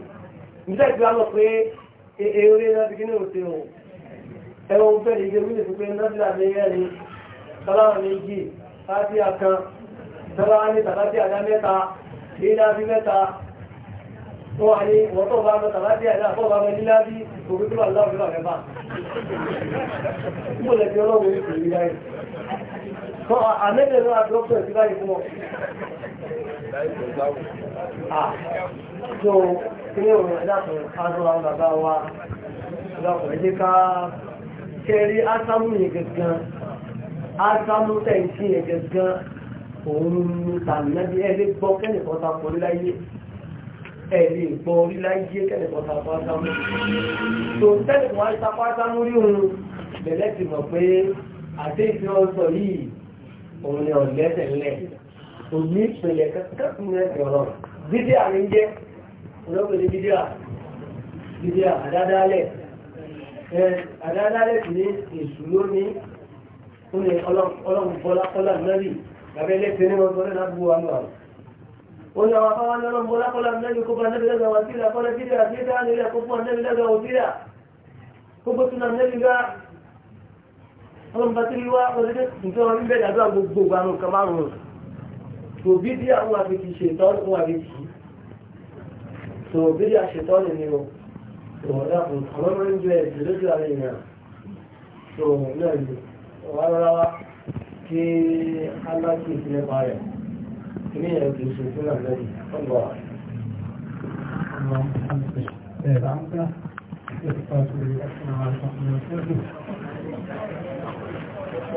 nígbà tí wọ́n lọ pé eré e náà ti kí ní òsè o ẹwọ́n ń fẹ́rẹ̀ ìgbé wílé fún pé náfíà lè yẹ ni sáláwà méjì sáàtì àkan sáláwà ní sàláàtì àdá mẹ́ta lílá bí mẹ́ta wọ́n wà ní wọ́n tó bá mọ́ sàláàtì àdá tó bá mọ́ lílá bí so kẹrí ásámù yẹn gẹ̀gán ásámù tẹ̀sí yẹn gẹ̀gán òun ní tàbí ẹ̀lẹ́ gbọ́ kẹ́nìkan kò láyé ẹ̀lẹ́ gbọ́ orí láyé kẹ́nìkan kò ásámù tó tẹ́lẹ̀kùn wá rí òun bẹ̀rẹ̀ ti mọ̀ pé àdéhìí ọ̀sọ̀ yìí kò ní ìpìlẹ̀ kankan fún ẹ̀sìn ọ̀rọ̀ dídíà ní jẹ́ olóògbé ní dídíà dídíà ada ada le, ní èṣù ni, ini ní ọlọ́run bọ́lá kọ́lá nẹ́rì lábẹ́ lẹ́sẹ̀ ní ọdún ọdún lábúrò wa náà ó ní àwọn afáwọn orang ọlọ́run bọ́lá kọ́lá nẹ́rì kó bá nẹ́bí dia, wàtí ìlà kọ́lá dia, dídíà nílẹ̀ kó fún nẹ́bí lẹ́gbàá wàtí ìlà kó bó tún nẹ́bí gbá ọlọ́run bá tí wá ọdún nítorí wọn ń bẹ̀rẹ̀ àdúrà gbogbo àwọn so bíbí àwọn àfikì ṣètọ́nù fún àfikì so bíbí àṣetọ́nù ni o so dákun àwọn ọmọ ń jẹ ẹ̀sìn lójú àwọn èèyàn náà ni wàá kí aláṣẹ ìpínlẹ̀ pa ní ẹ̀rọ kìí ṣe fún àlẹ́ yìí Thank you.